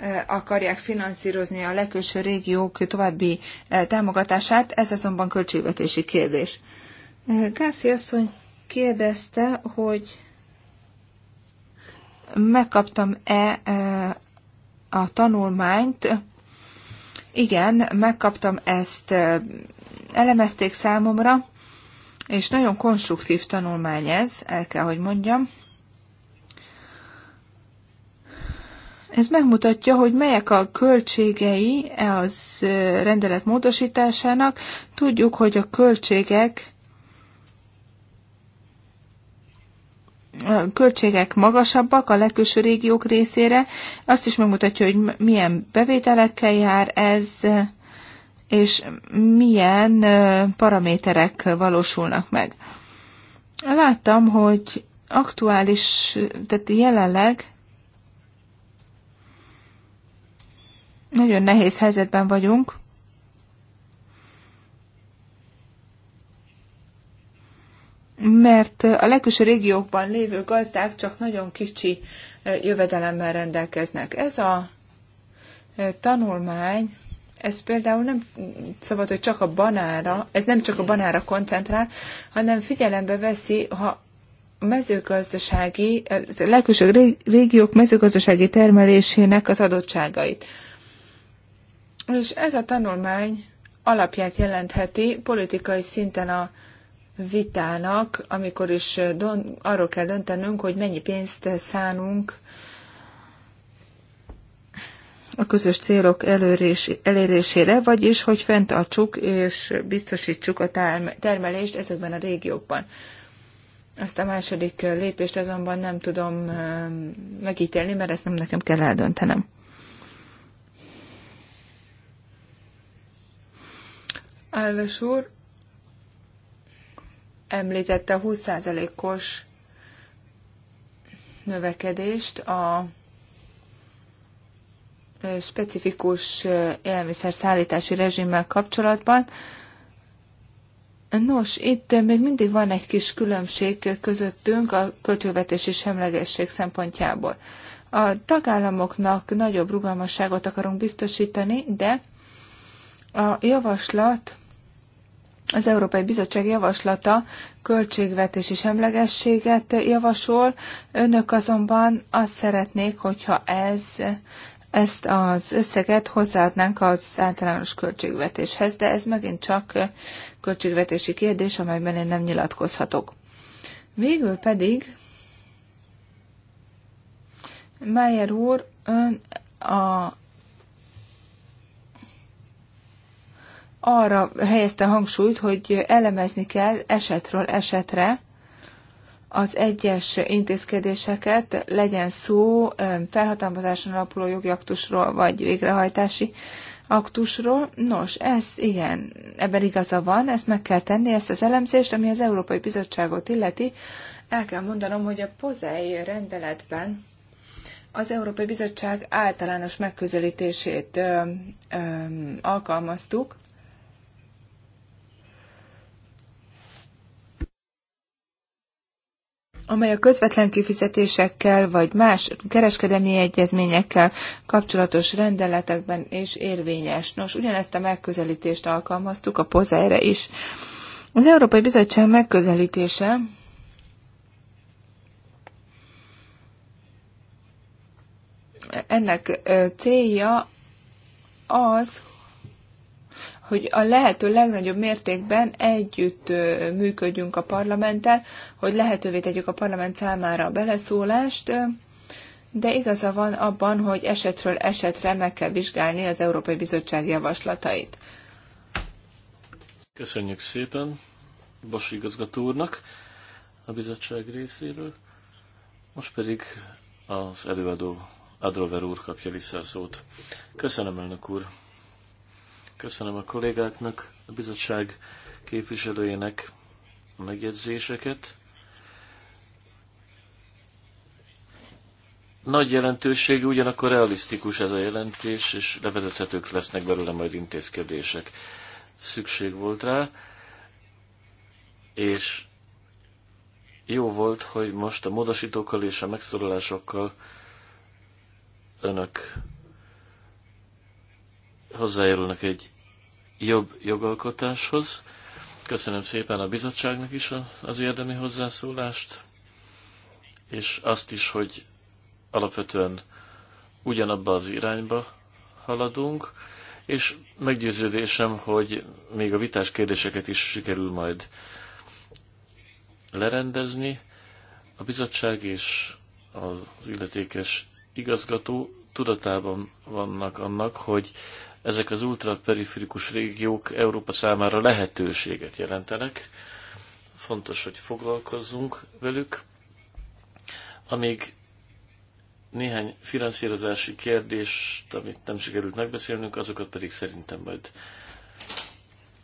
Eh, akarják finanszírozni a legkülső régiók további eh, támogatását, ez azonban költségvetési kérdés. Eh, Gászi asszony kérdezte, hogy megkaptam-e a tanulmányt. Igen, megkaptam ezt, elemezték számomra, és nagyon konstruktív tanulmány ez, el kell, hogy mondjam. Ez megmutatja, hogy melyek a költségei az rendelet módosításának. Tudjuk, hogy a költségek a költségek magasabbak a legkülső régiók részére. Azt is megmutatja, hogy milyen bevételekkel jár ez, és milyen paraméterek valósulnak meg. Láttam, hogy aktuális, tehát jelenleg Nagyon nehéz helyzetben vagyunk. Mert a legkülső régiókban lévő gazdák csak nagyon kicsi jövedelemmel rendelkeznek. Ez a tanulmány, ez például nem szabad, hogy csak a banára, ez nem csak a banára koncentrál, hanem figyelembe veszi, ha mezőgazdasági, legkülső régiók mezőgazdasági termelésének az adottságait. És ez a tanulmány alapját jelentheti politikai szinten a vitának, amikor is don- arról kell döntenünk, hogy mennyi pénzt szánunk a közös célok előrés, elérésére, vagyis hogy fenntartsuk és biztosítsuk a termelést ezekben a régiókban. Ezt a második lépést azonban nem tudom megítélni, mert ezt nem nekem kell eldöntenem. Álves úr említette a 20%-os növekedést a specifikus élelmiszerszállítási rezsimmel kapcsolatban. Nos, itt még mindig van egy kis különbség közöttünk a költségvetési semlegesség szempontjából. A tagállamoknak nagyobb rugalmasságot akarunk biztosítani, de a javaslat az Európai Bizottság javaslata költségvetési semlegességet javasol, önök azonban azt szeretnék, hogyha ez ezt az összeget hozzáadnánk az általános költségvetéshez, de ez megint csak költségvetési kérdés, amelyben én nem nyilatkozhatok. Végül pedig Meyer úr ön a arra helyezte hangsúlyt, hogy elemezni kell esetről esetre az egyes intézkedéseket, legyen szó felhatalmazáson alapuló jogi aktusról, vagy végrehajtási aktusról. Nos, ez igen, ebben igaza van, ezt meg kell tenni, ezt az elemzést, ami az Európai Bizottságot illeti. El kell mondanom, hogy a pozei rendeletben az Európai Bizottság általános megközelítését ö, ö, alkalmaztuk, amely a közvetlen kifizetésekkel vagy más kereskedelmi egyezményekkel kapcsolatos rendeletekben és érvényes. Nos, ugyanezt a megközelítést alkalmaztuk a pozájra is. Az Európai Bizottság megközelítése ennek célja az, hogy a lehető legnagyobb mértékben együtt működjünk a parlamenttel, hogy lehetővé tegyük a parlament számára a beleszólást, de igaza van abban, hogy esetről esetre meg kell vizsgálni az Európai Bizottság javaslatait. Köszönjük szépen Basi igazgató úrnak a bizottság részéről. Most pedig az előadó Adrover úr kapja vissza a szót. Köszönöm, elnök úr! Köszönöm a kollégáknak, a bizottság képviselőjének a megjegyzéseket. Nagy jelentőségű, ugyanakkor realisztikus ez a jelentés, és levezethetők lesznek belőle majd intézkedések. Szükség volt rá, és jó volt, hogy most a módosítókkal és a megszólalásokkal önök hozzájárulnak egy jobb jogalkotáshoz. Köszönöm szépen a bizottságnak is az érdemi hozzászólást, és azt is, hogy alapvetően ugyanabba az irányba haladunk, és meggyőződésem, hogy még a vitás kérdéseket is sikerül majd lerendezni. A bizottság és az illetékes igazgató tudatában vannak annak, hogy ezek az ultraperiférikus régiók Európa számára lehetőséget jelentenek. Fontos, hogy foglalkozzunk velük. Amíg néhány finanszírozási kérdést, amit nem sikerült megbeszélnünk, azokat pedig szerintem majd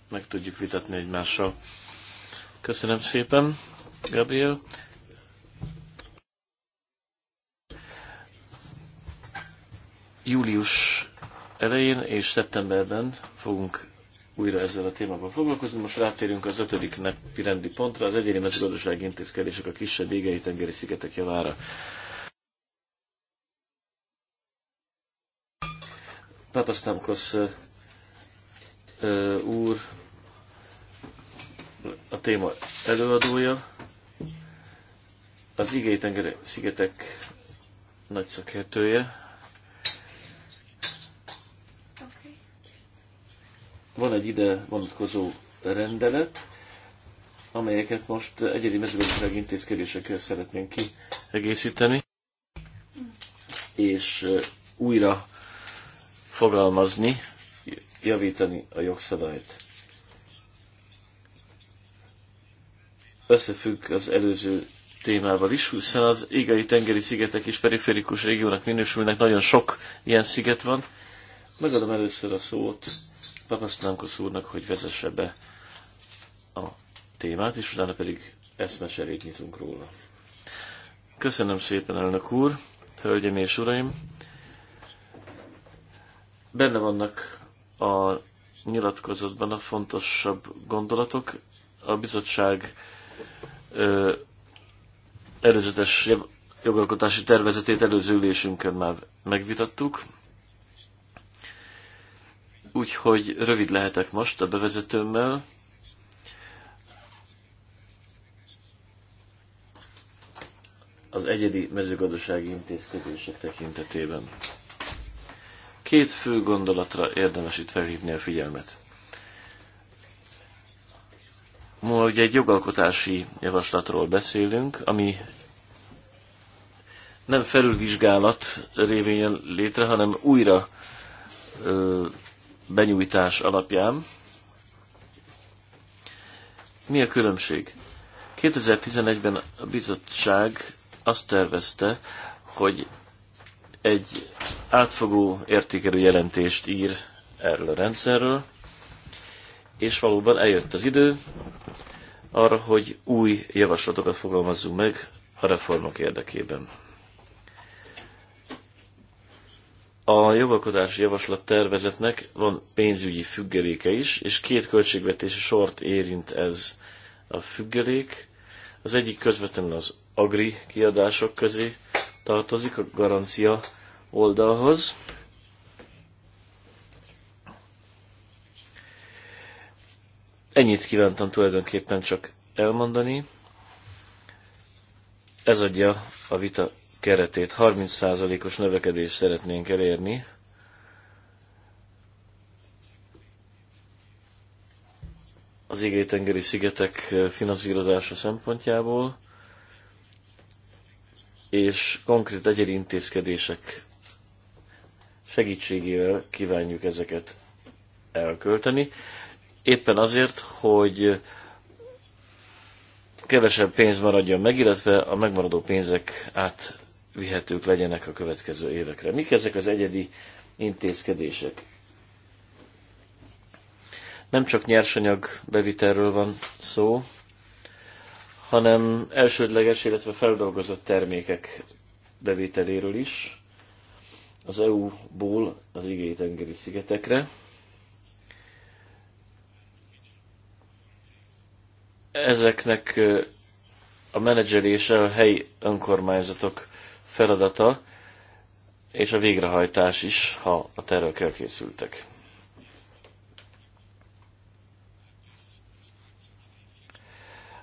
meg tudjuk vitatni egymással. Köszönöm szépen, Gabriel. Július elején és szeptemberben fogunk újra ezzel a témával foglalkozni. Most rátérünk az ötödik napi rendi pontra, az egyéni mezőgazdasági intézkedések a kisebb égei tengeri szigetek javára. Papasztámkosz úr a téma előadója. Az igéi tengeri szigetek nagy szakértője, Van egy ide vonatkozó rendelet, amelyeket most egyedi mezőgazdaság intézkedésekkel szeretnénk kiegészíteni, és újra fogalmazni, javítani a jogszabályt. Összefügg az előző témával is, hiszen az égai tengeri szigetek és periférikus régiónak minősülnek, nagyon sok ilyen sziget van. Megadom először a szót az úrnak, hogy vezesse be a témát, és utána pedig eszmeserét nyitunk róla. Köszönöm szépen, elnök úr, hölgyeim és uraim! Benne vannak a nyilatkozatban a fontosabb gondolatok. A bizottság ö, előzetes jogalkotási tervezetét előző ülésünkön már megvitattuk úgyhogy rövid lehetek most a bevezetőmmel. az egyedi mezőgazdasági intézkedések tekintetében. Két fő gondolatra érdemes itt felhívni a figyelmet. Ma ugye egy jogalkotási javaslatról beszélünk, ami nem felülvizsgálat révén jön létre, hanem újra ö, benyújtás alapján. Mi a különbség? 2011-ben a bizottság azt tervezte, hogy egy átfogó értékelő jelentést ír erről a rendszerről, és valóban eljött az idő arra, hogy új javaslatokat fogalmazzunk meg a reformok érdekében. A jogalkotási javaslat tervezetnek van pénzügyi függeléke is, és két költségvetési sort érint ez a függelék. Az egyik közvetlenül az agri kiadások közé tartozik a garancia oldalhoz. Ennyit kívántam tulajdonképpen csak elmondani. Ez adja a vita keretét. 30%-os növekedést szeretnénk elérni. az égétengeri szigetek finanszírozása szempontjából, és konkrét egyedi intézkedések segítségével kívánjuk ezeket elkölteni. Éppen azért, hogy kevesebb pénz maradjon meg, illetve a megmaradó pénzek át vihetők legyenek a következő évekre. Mik ezek az egyedi intézkedések? Nem csak nyersanyag bevitelről van szó, hanem elsődleges, illetve feldolgozott termékek bevételéről is az EU-ból az igéi tengeri szigetekre. Ezeknek a menedzselése a helyi önkormányzatok feladata, és a végrehajtás is, ha a tervek elkészültek.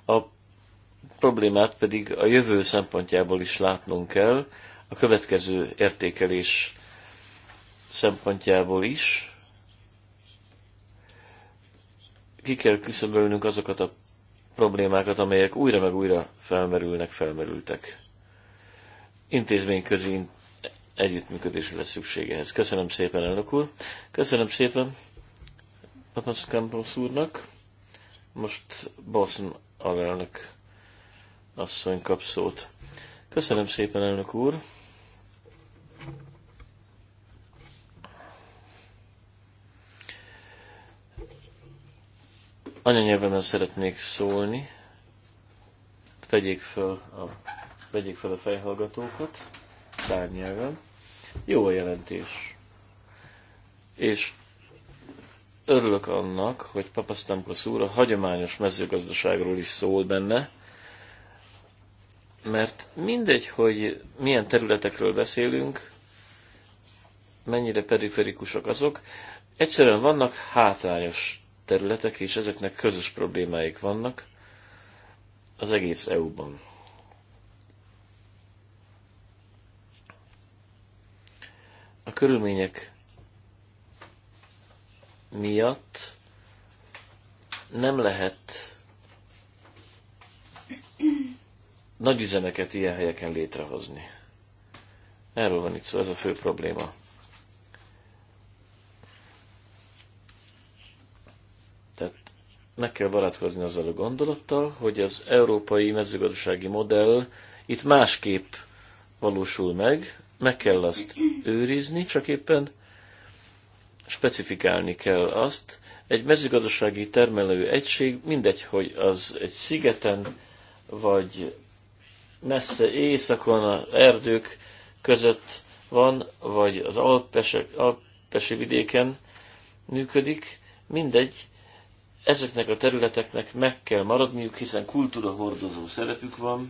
A problémát pedig a jövő szempontjából is látnunk kell, a következő értékelés szempontjából is. Ki kell küszöbölnünk azokat a problémákat, amelyek újra meg újra felmerülnek, felmerültek intézményközi együttműködésre lesz szükség ehhez. Köszönöm szépen, elnök úr. Köszönöm szépen Papas Campos úrnak. Most Boston alelnök asszony kap szót. Köszönöm szépen, elnök úr. Anyanyelvemen szeretnék szólni. Vegyék föl a Vegyék fel a fejhallgatókat, szárnyelven. Jó a jelentés. És örülök annak, hogy Papasztamkosz úr a hagyományos mezőgazdaságról is szól benne, mert mindegy, hogy milyen területekről beszélünk, mennyire periferikusak azok, egyszerűen vannak hátrányos területek, és ezeknek közös problémáik vannak az egész EU-ban. a körülmények miatt nem lehet nagy üzemeket ilyen helyeken létrehozni. Erről van itt szó, ez a fő probléma. Tehát meg kell barátkozni azzal a gondolattal, hogy az európai mezőgazdasági modell itt másképp valósul meg, meg kell azt őrizni, csak éppen specifikálni kell azt. Egy mezőgazdasági termelő egység, mindegy, hogy az egy szigeten, vagy messze éjszakon az erdők között van, vagy az alpesek, alpesi vidéken működik, mindegy, ezeknek a területeknek meg kell maradniuk, hiszen kultúra hordozó szerepük van,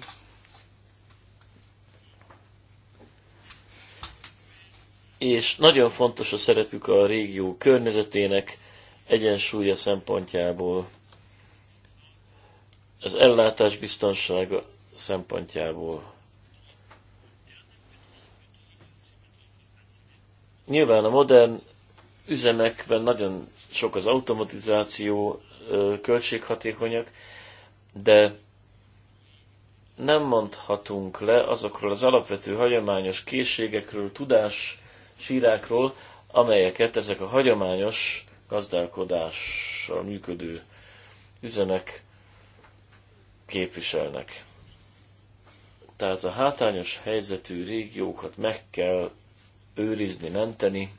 és nagyon fontos a szerepük a régió környezetének egyensúlya szempontjából, az ellátás biztonsága szempontjából. Nyilván a modern üzemekben nagyon sok az automatizáció, költséghatékonyak, de nem mondhatunk le azokról az alapvető hagyományos készségekről, tudás sírákról, amelyeket ezek a hagyományos gazdálkodással működő üzemek képviselnek. Tehát a hátányos helyzetű régiókat meg kell őrizni, menteni.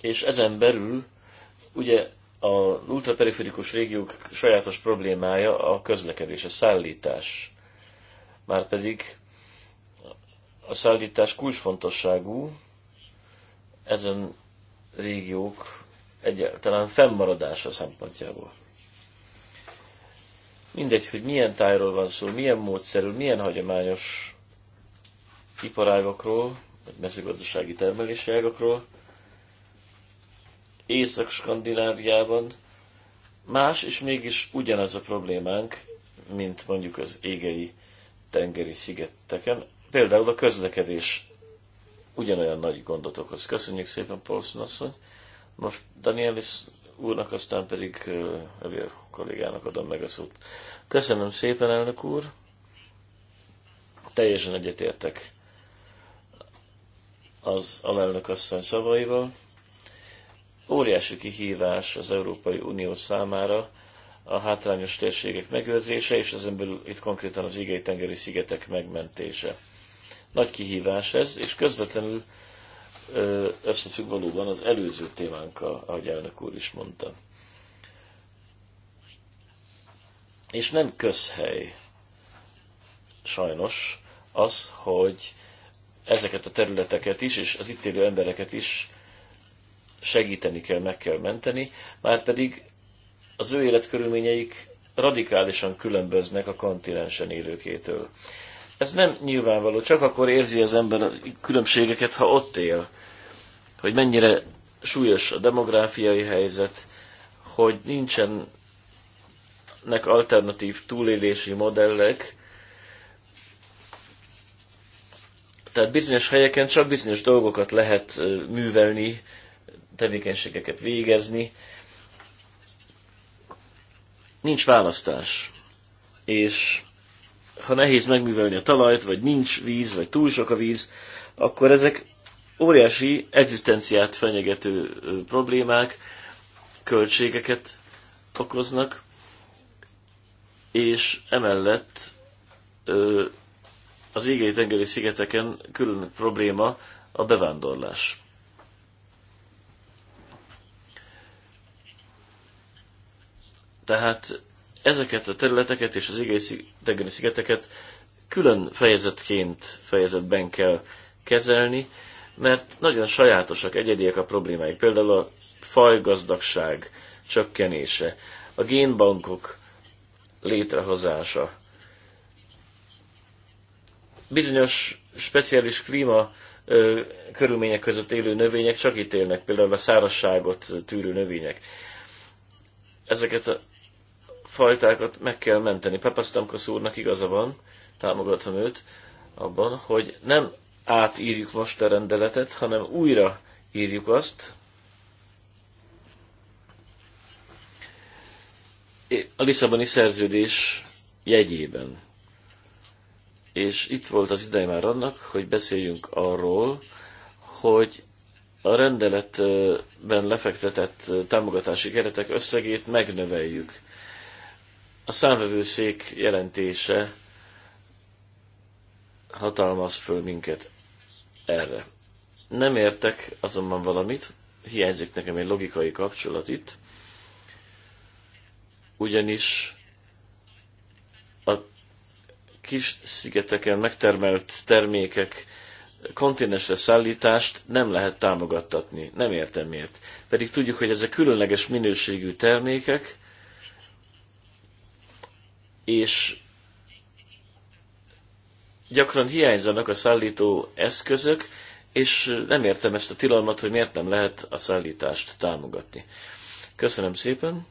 És ezen belül ugye az ultraperiférikus régiók sajátos problémája a közlekedés, a szállítás. Márpedig a szállítás kulcsfontosságú, ezen régiók egyáltalán fennmaradása szempontjából. Mindegy, hogy milyen tájról van szó, milyen módszerű, milyen hagyományos iparágakról, vagy mezőgazdasági termelési ágakról, Észak-Skandináviában más, és mégis ugyanaz a problémánk, mint mondjuk az égei tengeri szigeteken. Például a közlekedés ugyanolyan nagy gondot okoz. Köszönjük szépen, Paulson asszony. Most Danielis úrnak, aztán pedig a kollégának adom meg a szót. Köszönöm szépen, elnök úr. Teljesen egyetértek az alelnök asszony szavaival. Óriási kihívás az Európai Unió számára, a hátrányos térségek megőrzése, és ezen belül itt konkrétan az igei tengeri szigetek megmentése. Nagy kihívás ez, és közvetlenül összefügg valóban az előző témánkkal, ahogy elnök úr is mondta. És nem közhely, sajnos, az, hogy ezeket a területeket is, és az itt élő embereket is segíteni kell, meg kell menteni, már pedig az ő életkörülményeik radikálisan különböznek a kontinensen élőkétől. Ez nem nyilvánvaló, csak akkor érzi az ember a különbségeket, ha ott él, hogy mennyire súlyos a demográfiai helyzet, hogy nincsenek alternatív túlélési modellek, tehát bizonyos helyeken csak bizonyos dolgokat lehet művelni, tevékenységeket végezni, nincs választás. És ha nehéz megművelni a talajt, vagy nincs víz, vagy túl sok a víz, akkor ezek óriási egzisztenciát fenyegető problémák, költségeket okoznak, és emellett az égei tengeri szigeteken külön probléma a bevándorlás. Tehát ezeket a területeket és az idegeni szigeteket külön fejezetként, fejezetben kell kezelni, mert nagyon sajátosak, egyediek a problémáik. Például a fajgazdagság csökkenése, a génbankok létrehozása, bizonyos speciális klíma ö, körülmények között élő növények csak itt élnek, például a szárasságot tűrő növények. Ezeket a fajtákat meg kell menteni. Papasztamkosz úrnak igaza van, támogatom őt abban, hogy nem átírjuk most a rendeletet, hanem újra írjuk azt. A Lisszaboni szerződés jegyében. És itt volt az ideje már annak, hogy beszéljünk arról, hogy a rendeletben lefektetett támogatási keretek összegét megnöveljük a számvevőszék jelentése hatalmaz föl minket erre. Nem értek azonban valamit, hiányzik nekem egy logikai kapcsolat itt, ugyanis a kis szigeteken megtermelt termékek kontinensre szállítást nem lehet támogattatni. Nem értem miért. Pedig tudjuk, hogy ezek különleges minőségű termékek, és gyakran hiányzanak a szállító eszközök, és nem értem ezt a tilalmat, hogy miért nem lehet a szállítást támogatni. Köszönöm szépen.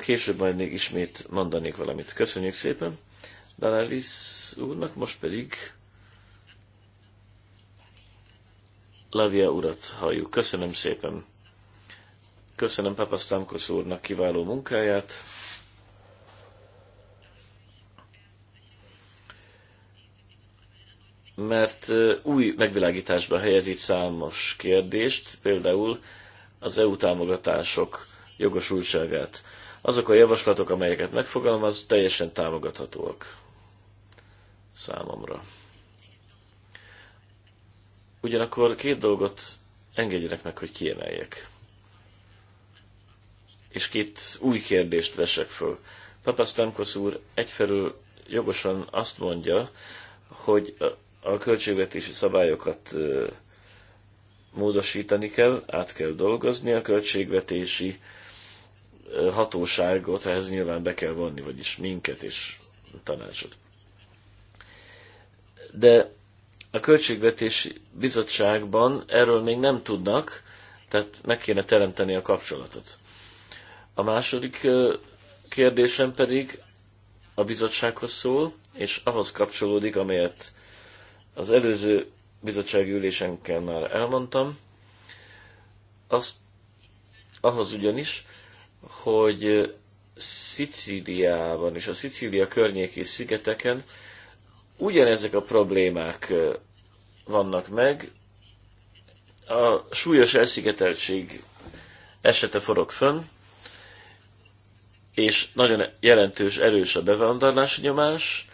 Később majd még ismét mondanék valamit. Köszönjük szépen. Danelis úrnak most pedig Lavia urat halljuk. Köszönöm szépen. Köszönöm Papasztámkosz úrnak kiváló munkáját. mert új megvilágításba helyezít számos kérdést, például az EU támogatások jogosultságát. Azok a javaslatok, amelyeket megfogalmaz, teljesen támogathatóak számomra. Ugyanakkor két dolgot engedjenek meg, hogy kiemeljek. És két új kérdést vesek föl. Papasztamkosz úr egyfelől jogosan azt mondja, hogy a költségvetési szabályokat módosítani kell, át kell dolgozni, a költségvetési hatóságot ehhez nyilván be kell vonni, vagyis minket és tanácsot. De a költségvetési bizottságban erről még nem tudnak, tehát meg kéne teremteni a kapcsolatot. A második kérdésem pedig a bizottsághoz szól, és ahhoz kapcsolódik, amelyet az előző bizottsági ülésenken már elmondtam. Az, ahhoz ugyanis, hogy Szicíliában és a Szicília környéki szigeteken ugyanezek a problémák vannak meg. A súlyos elszigeteltség esete forog fönn, és nagyon jelentős, erős a bevándorlási nyomás,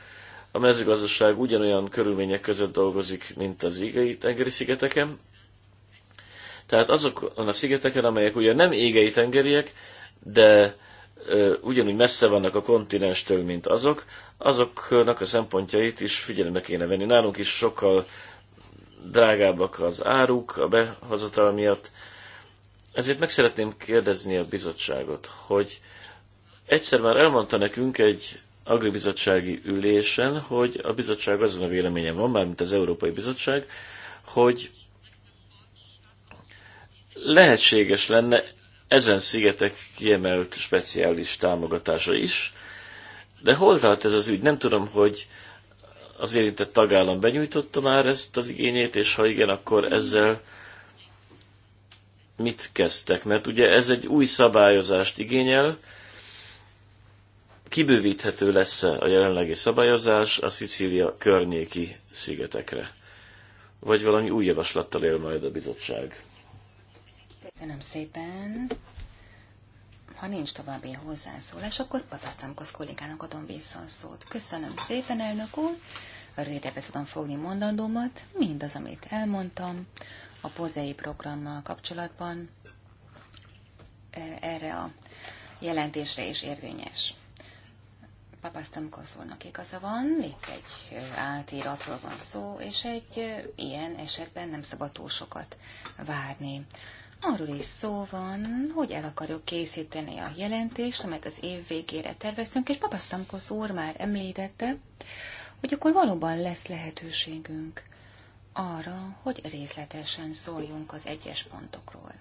a mezőgazdaság ugyanolyan körülmények között dolgozik, mint az égei tengeri szigeteken. Tehát azokon a szigeteken, amelyek ugye nem égei tengeriek, de ö, ugyanúgy messze vannak a kontinenstől, mint azok, azoknak a szempontjait is figyelembe kéne venni. Nálunk is sokkal drágábbak az áruk a behozatal miatt. Ezért meg szeretném kérdezni a bizottságot, hogy egyszer már elmondta nekünk egy agribizottsági ülésen, hogy a bizottság azon a véleményen van, mármint az Európai Bizottság, hogy lehetséges lenne ezen szigetek kiemelt speciális támogatása is, de hol tart ez az ügy? Nem tudom, hogy az érintett tagállam benyújtotta már ezt az igényét, és ha igen, akkor ezzel mit kezdtek? Mert ugye ez egy új szabályozást igényel, kibővíthető lesz a jelenlegi szabályozás a Szicília környéki szigetekre? Vagy valami új javaslattal él majd a bizottság? Köszönöm szépen. Ha nincs további hozzászólás, akkor Patasztámkosz kollégának adom vissza a szót. Köszönöm szépen, elnök úr. Rövidebbre tudom fogni mondandómat, mindaz, amit elmondtam a pozei programmal kapcsolatban e, erre a jelentésre is érvényes papasztam úrnak igaza van, itt egy átíratról van szó, és egy ilyen esetben nem szabad túl sokat várni. Arról is szó van, hogy el akarjuk készíteni a jelentést, amelyet az év végére terveztünk, és Papasztamkosz úr már említette, hogy akkor valóban lesz lehetőségünk arra, hogy részletesen szóljunk az egyes pontokról.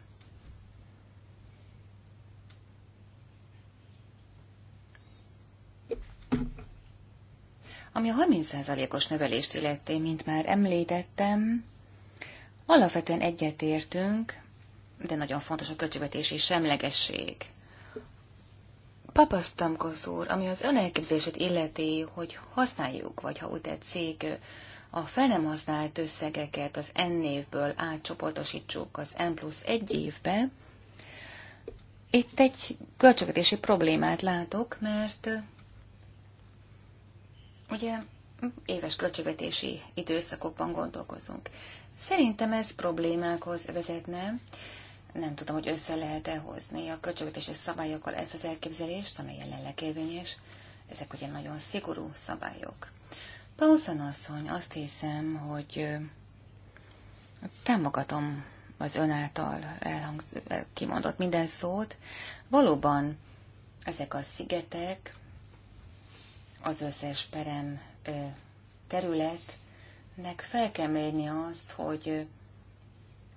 Ami a 30%-os növelést illeti, mint már említettem, alapvetően egyetértünk, de nagyon fontos a költségvetési semlegesség. Papasztamkosz úr, ami az ön önelképzelését illeti, hogy használjuk, vagy ha úgy tetszik, a fel nem használt összegeket az N évből átcsoportosítsuk az N plusz egy évbe, itt egy költségvetési problémát látok, mert Ugye éves költségvetési időszakokban gondolkozunk. Szerintem ez problémákhoz vezetne. Nem tudom, hogy össze lehet-e hozni a költségvetési szabályokkal ezt az elképzelést, amely jelenleg érvényes. Ezek ugye nagyon szigorú szabályok. Paulson asszony, azt hiszem, hogy támogatom az ön által elhangz- kimondott minden szót. Valóban ezek a szigetek, az összes perem területnek fel kell mérni azt, hogy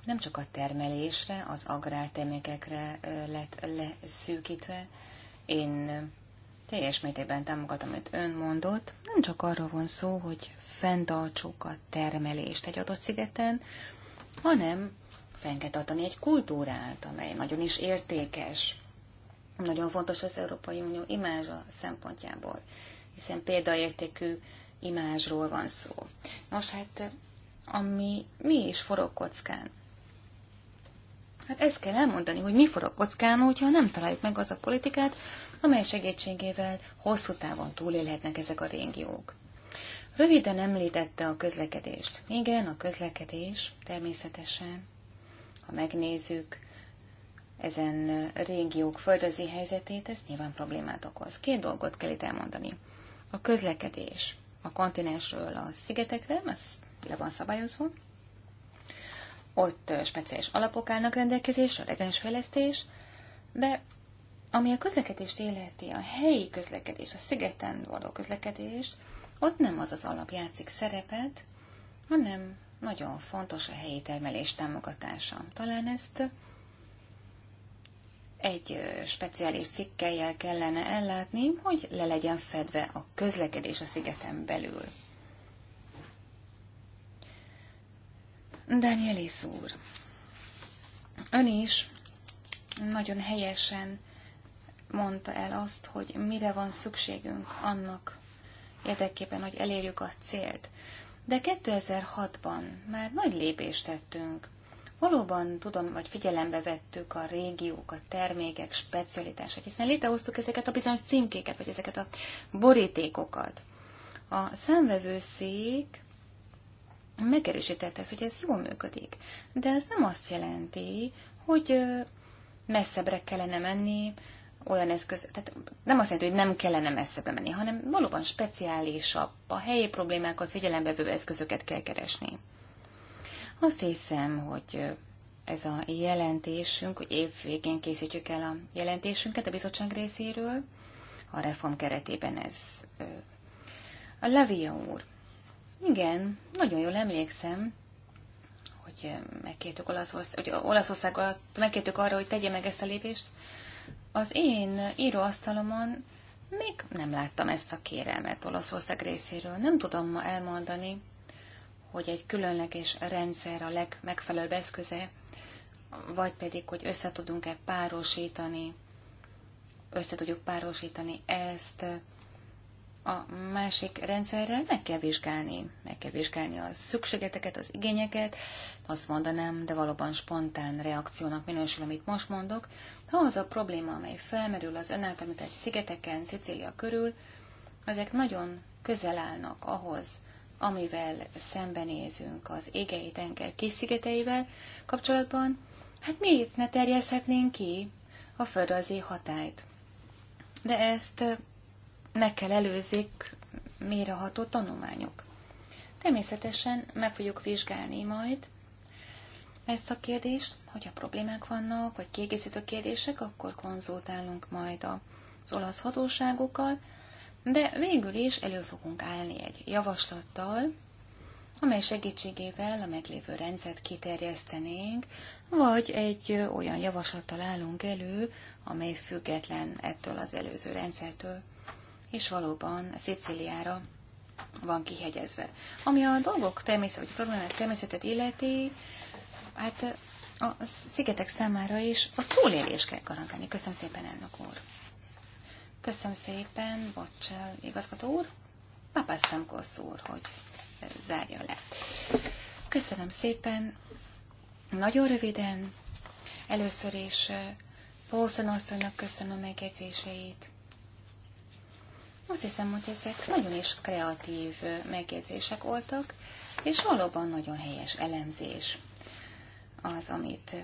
nem csak a termelésre, az agrártermékekre lett leszűkítve. Én teljes mértékben támogatom, amit ön mondott. Nem csak arról van szó, hogy fenntartsuk a termelést egy adott szigeten, hanem fenn kell tartani egy kultúrát, amely nagyon is értékes. Nagyon fontos az Európai Unió imázsa szempontjából hiszen példaértékű imázsról van szó. Nos, hát ami mi is forog kockán. Hát ezt kell elmondani, hogy mi forog kockán, hogyha nem találjuk meg az a politikát, amely segítségével hosszú távon túlélhetnek ezek a régiók. Röviden említette a közlekedést. Igen, a közlekedés természetesen, ha megnézzük ezen régiók földrajzi helyzetét, ez nyilván problémát okoz. Két dolgot kell itt elmondani. A közlekedés a kontinensről a szigetekre, ez le van szabályozva. Ott speciális alapok állnak rendelkezésre, a regens fejlesztés, de ami a közlekedést illeti, a helyi közlekedés, a szigeten való közlekedést, ott nem az az alap játszik szerepet, hanem nagyon fontos a helyi termelés támogatása. Talán ezt egy speciális cikkelyel kellene ellátni, hogy le legyen fedve a közlekedés a szigeten belül. Danielis úr, ön is nagyon helyesen mondta el azt, hogy mire van szükségünk annak érdekében, hogy elérjük a célt. De 2006-ban már nagy lépést tettünk valóban tudom, vagy figyelembe vettük a régiók, a termékek specialitását, hiszen létrehoztuk ezeket a bizonyos címkéket, vagy ezeket a borítékokat. A szemvevőszék megerősítette ezt, hogy ez jól működik, de ez nem azt jelenti, hogy messzebbre kellene menni, olyan eszköz, tehát nem azt jelenti, hogy nem kellene messzebbre menni, hanem valóban speciálisabb, a helyi problémákat figyelembe vevő eszközöket kell keresni. Azt hiszem, hogy ez a jelentésünk, hogy év végén készítjük el a jelentésünket a bizottság részéről, a reform keretében ez. A Lavia úr. Igen, nagyon jól emlékszem, hogy megkértük Olaszország, hogy Olaszország alatt megkértük arra, hogy tegye meg ezt a lépést. Az én íróasztalomon még nem láttam ezt a kérelmet Olaszország részéről. Nem tudom ma elmondani, hogy egy különleges rendszer a legmegfelelőbb eszköze, vagy pedig, hogy össze tudunk-e párosítani, össze tudjuk párosítani ezt a másik rendszerrel, meg kell vizsgálni. Meg kell vizsgálni a szükségeteket, az igényeket. Azt mondanám, de valóban spontán reakciónak minősül, amit most mondok. Ha az a probléma, amely felmerül az önáltal, mint egy szigeteken, Szicília körül, ezek nagyon közel állnak ahhoz, amivel szembenézünk az égei tenger kiszigeteivel kapcsolatban, hát miért ne terjeszthetnénk ki a földrajzi hatályt? De ezt meg kell előzik méreható tanulmányok. Természetesen meg fogjuk vizsgálni majd ezt a kérdést, hogyha problémák vannak, vagy kiegészítő kérdések, akkor konzultálunk majd az olasz hatóságokkal, de végül is elő fogunk állni egy javaslattal, amely segítségével a meglévő rendszert kiterjesztenénk, vagy egy olyan javaslattal állunk elő, amely független ettől az előző rendszertől, és valóban Sziciliára van kihegyezve. Ami a dolgok természet, vagy a problémák természetet illeti, hát a szigetek számára is a túlélés kell garantálni. Köszönöm szépen, elnök úr! Köszönöm szépen, Bocsel igazgató úr, Papasztamkosz úr, hogy zárja le. Köszönöm szépen, nagyon röviden, először is eh, Pószon asszonynak köszönöm a megjegyzéseit. Azt hiszem, hogy ezek nagyon is kreatív eh, megjegyzések voltak, és valóban nagyon helyes elemzés az, amit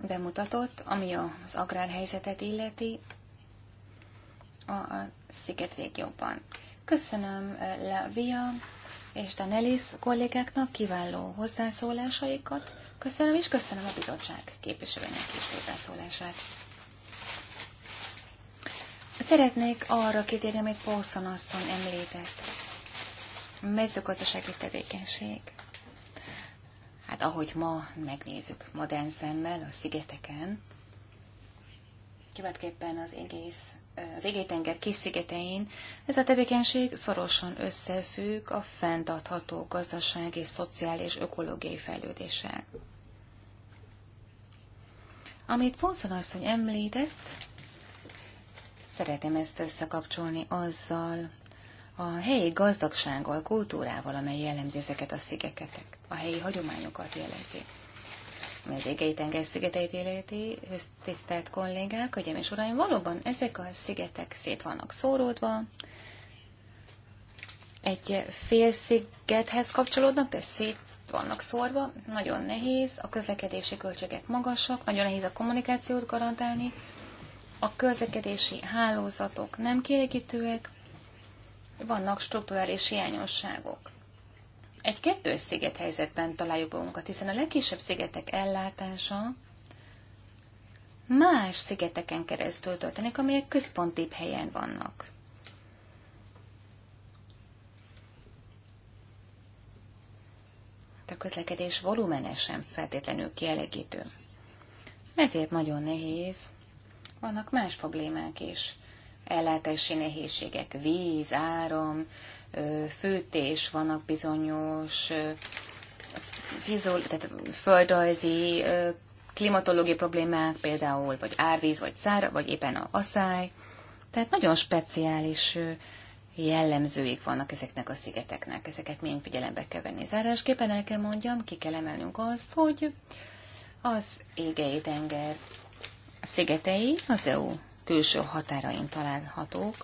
bemutatott, ami az agrárhelyzetet illeti a sziget régióban. Köszönöm eh, Lavia és Danelis kollégáknak kiváló hozzászólásaikat. Köszönöm, és köszönöm a bizottság képviselőnek is hozzászólását. Szeretnék arra kitérni, amit Paulson asszony említett. Mezőgazdasági tevékenység. Hát ahogy ma megnézzük modern szemmel a szigeteken, következőképpen az egész az égétenger szigetein ez a tevékenység szorosan összefügg a fenntartható gazdasági, szociális, ökológiai fejlődéssel. Amit Ponson asszony említett, szeretem ezt összekapcsolni azzal a helyi gazdagsággal, kultúrával, amely jellemzi ezeket a szigeteket, a helyi hagyományokat jellemzi ami az égei tenger szigeteit illeti, tisztelt kollégák, hölgyeim és uraim, valóban ezek a szigetek szét vannak szóródva, egy félszigethez kapcsolódnak, de szét vannak szórva, nagyon nehéz, a közlekedési költségek magasak, nagyon nehéz a kommunikációt garantálni, a közlekedési hálózatok nem kielégítőek, vannak strukturális hiányosságok egy kettős sziget helyzetben találjuk magunkat, hiszen a legkisebb szigetek ellátása más szigeteken keresztül történik, amelyek központibb helyen vannak. A közlekedés volumenesen feltétlenül kielégítő. Ezért nagyon nehéz. Vannak más problémák is. Ellátási nehézségek, víz, áram, főtés vannak bizonyos fizol, tehát földrajzi, klimatológiai problémák, például vagy árvíz, vagy szár, vagy éppen a asszály. Tehát nagyon speciális jellemzőik vannak ezeknek a szigeteknek. Ezeket mind figyelembe kell venni. Zárásképpen el kell mondjam, ki kell emelnünk azt, hogy az égei tenger szigetei az EU külső határain találhatók.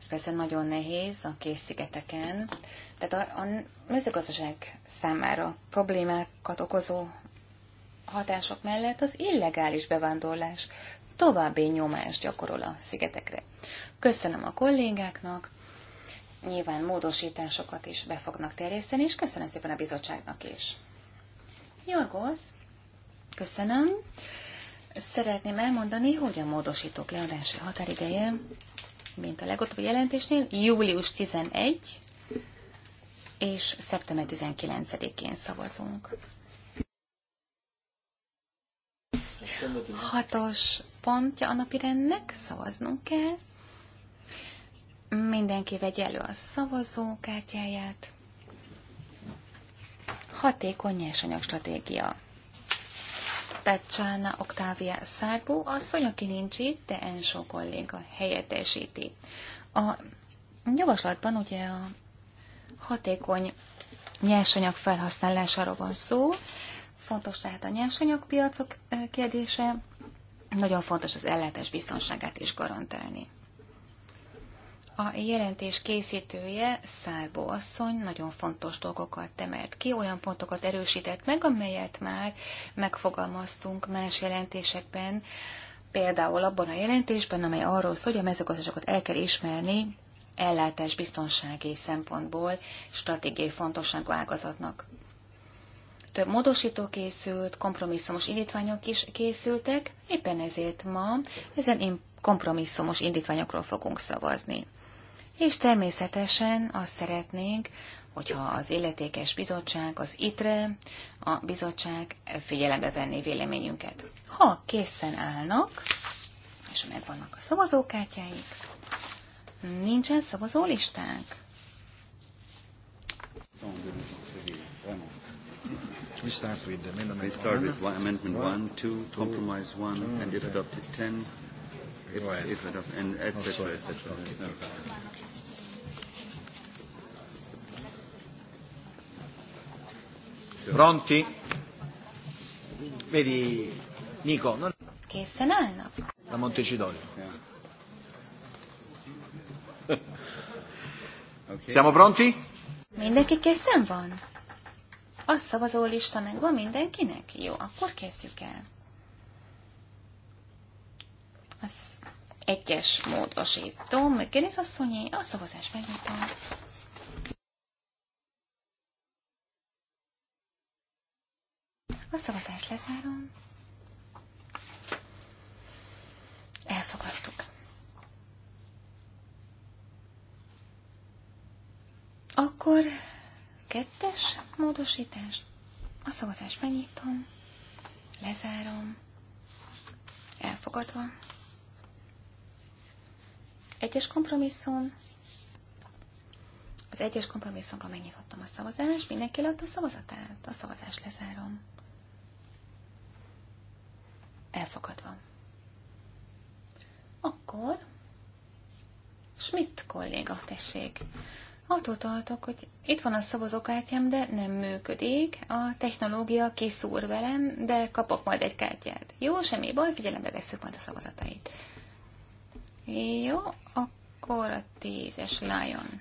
Ez persze nagyon nehéz a kés szigeteken. Tehát a, a mezőgazdaság számára problémákat okozó hatások mellett az illegális bevándorlás további nyomást gyakorol a szigetekre. Köszönöm a kollégáknak, nyilván módosításokat is be fognak terjeszteni, és köszönöm szépen a bizottságnak is. Jorgosz, köszönöm. Szeretném elmondani, hogy a módosítók leadási határideje mint a legutóbbi jelentésnél, július 11 és szeptember 19-én szavazunk. Hatos pontja a napirendnek, szavaznunk kell. Mindenki vegye elő a szavazókártyáját. Hatékony nyersanyag stratégia. Tatjana Octavia Szárbó asszony, aki nincs itt, de Enso kolléga helyettesíti. A javaslatban ugye a hatékony nyersanyag felhasználásáról van szó, fontos tehát a nyersanyagpiacok kérdése, nagyon fontos az ellátás biztonságát is garantálni. A jelentés készítője, Szárbó asszony nagyon fontos dolgokat temelt ki, olyan pontokat erősített meg, amelyet már megfogalmaztunk más jelentésekben, például abban a jelentésben, amely arról szól, hogy a mezőgazdaságot el kell ismerni ellátás biztonsági szempontból stratégiai fontosságú ágazatnak. Több módosító készült, kompromisszumos indítványok is készültek, éppen ezért ma ezen kompromisszumos indítványokról fogunk szavazni és természetesen azt szeretnénk, hogyha az illetékes bizottság, az ITRE, a bizottság figyelembe venné véleményünket. Ha készen állnak, és megvannak a szavazókártyáik, nincsen szavazólistánk. We start with the amendment We start with one, amendment one, one two, two, compromise one, two, and if adopted ten, if, if adopted, and etc. Oh, etc. Okay. Pronti? Vedi, Nico, non... Készen állnak? A Montecitorio. Okay. Siamo pronti? Mindenki készen van? A szavazó lista megvan mindenkinek? Jó, akkor kezdjük el. Az egyes módosító, kérdez asszonyi, a szavazás megnyitom. A szavazást lezárom. Elfogadtuk. Akkor kettes módosítás. A szavazást megnyitom, lezárom, elfogadva. Egyes kompromisszum. Az egyes kompromisszumra megnyitottam a szavazást, mindenki látta a szavazatát, a szavazást lezárom. Elfogadva. Akkor Schmidt kolléga, tessék. Attól tartok, hogy itt van a szavazókártyám, de nem működik. A technológia kiszúr velem, de kapok majd egy kártyát. Jó, semmi baj, figyelembe veszük majd a szavazatait. Jó, akkor a tízes Lion.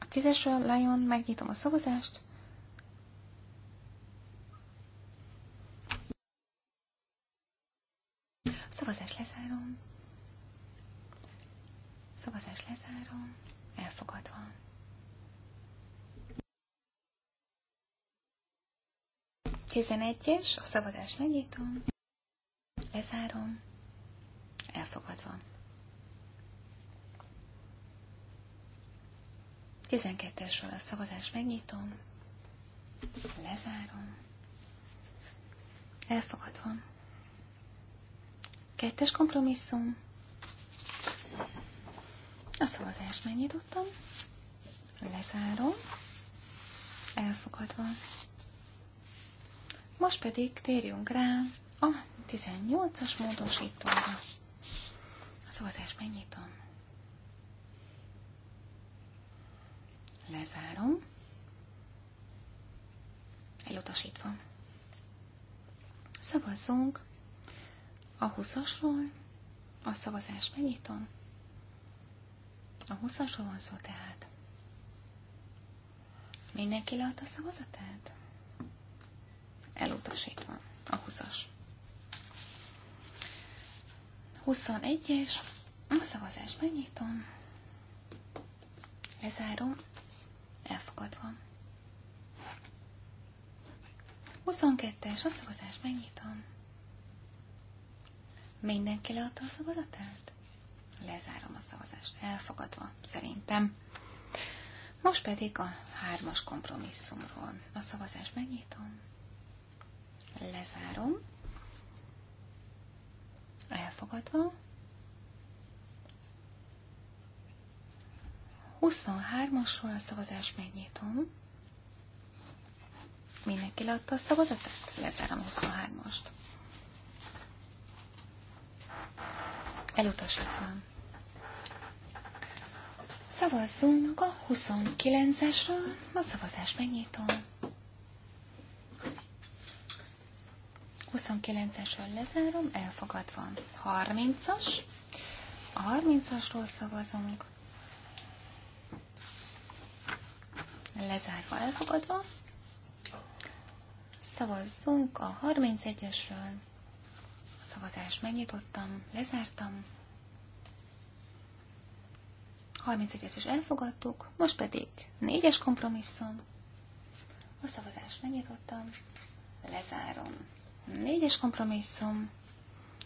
A tízes Lion, megnyitom a szavazást. Szavazás lezárom. Szavazás lezárom. Elfogadva. Tizenegyes, a szavazás megnyitom. Lezárom. Elfogadva. 12-esről a szavazás megnyitom, lezárom, elfogadva. Kettes kompromisszum. A szavazást megnyitottam. Lezárom. Elfogadva. Most pedig térjünk rá a 18-as módosítóra. A szavazást megnyitom. Lezárom. Elutasítva. Szavazzunk a huszasról a szavazás megnyitom. A huszasról van szó tehát. Mindenki leadta a szavazatát? Elutasítva. A huszas. 21-es. A szavazás megnyitom. Lezárom. Elfogadva. 22-es. A szavazás megnyitom. Mindenki leadta a szavazatát? Lezárom a szavazást. Elfogadva, szerintem. Most pedig a hármas kompromisszumról. A szavazást megnyitom. Lezárom. Elfogadva. 23-asról a szavazást megnyitom. Mindenki leadta a szavazatát? Lezárom 23-ast. elutasítva. Szavazzunk a 29-esről, a szavazás megnyitom. 29-esről lezárom, elfogadva. 30-as, a 30-asról szavazunk, lezárva, elfogadva. Szavazzunk a 31-esről, szavazást megnyitottam, lezártam. 31-es is elfogadtuk, most pedig 4-es kompromisszum. A szavazást megnyitottam, lezárom. 4-es kompromisszum,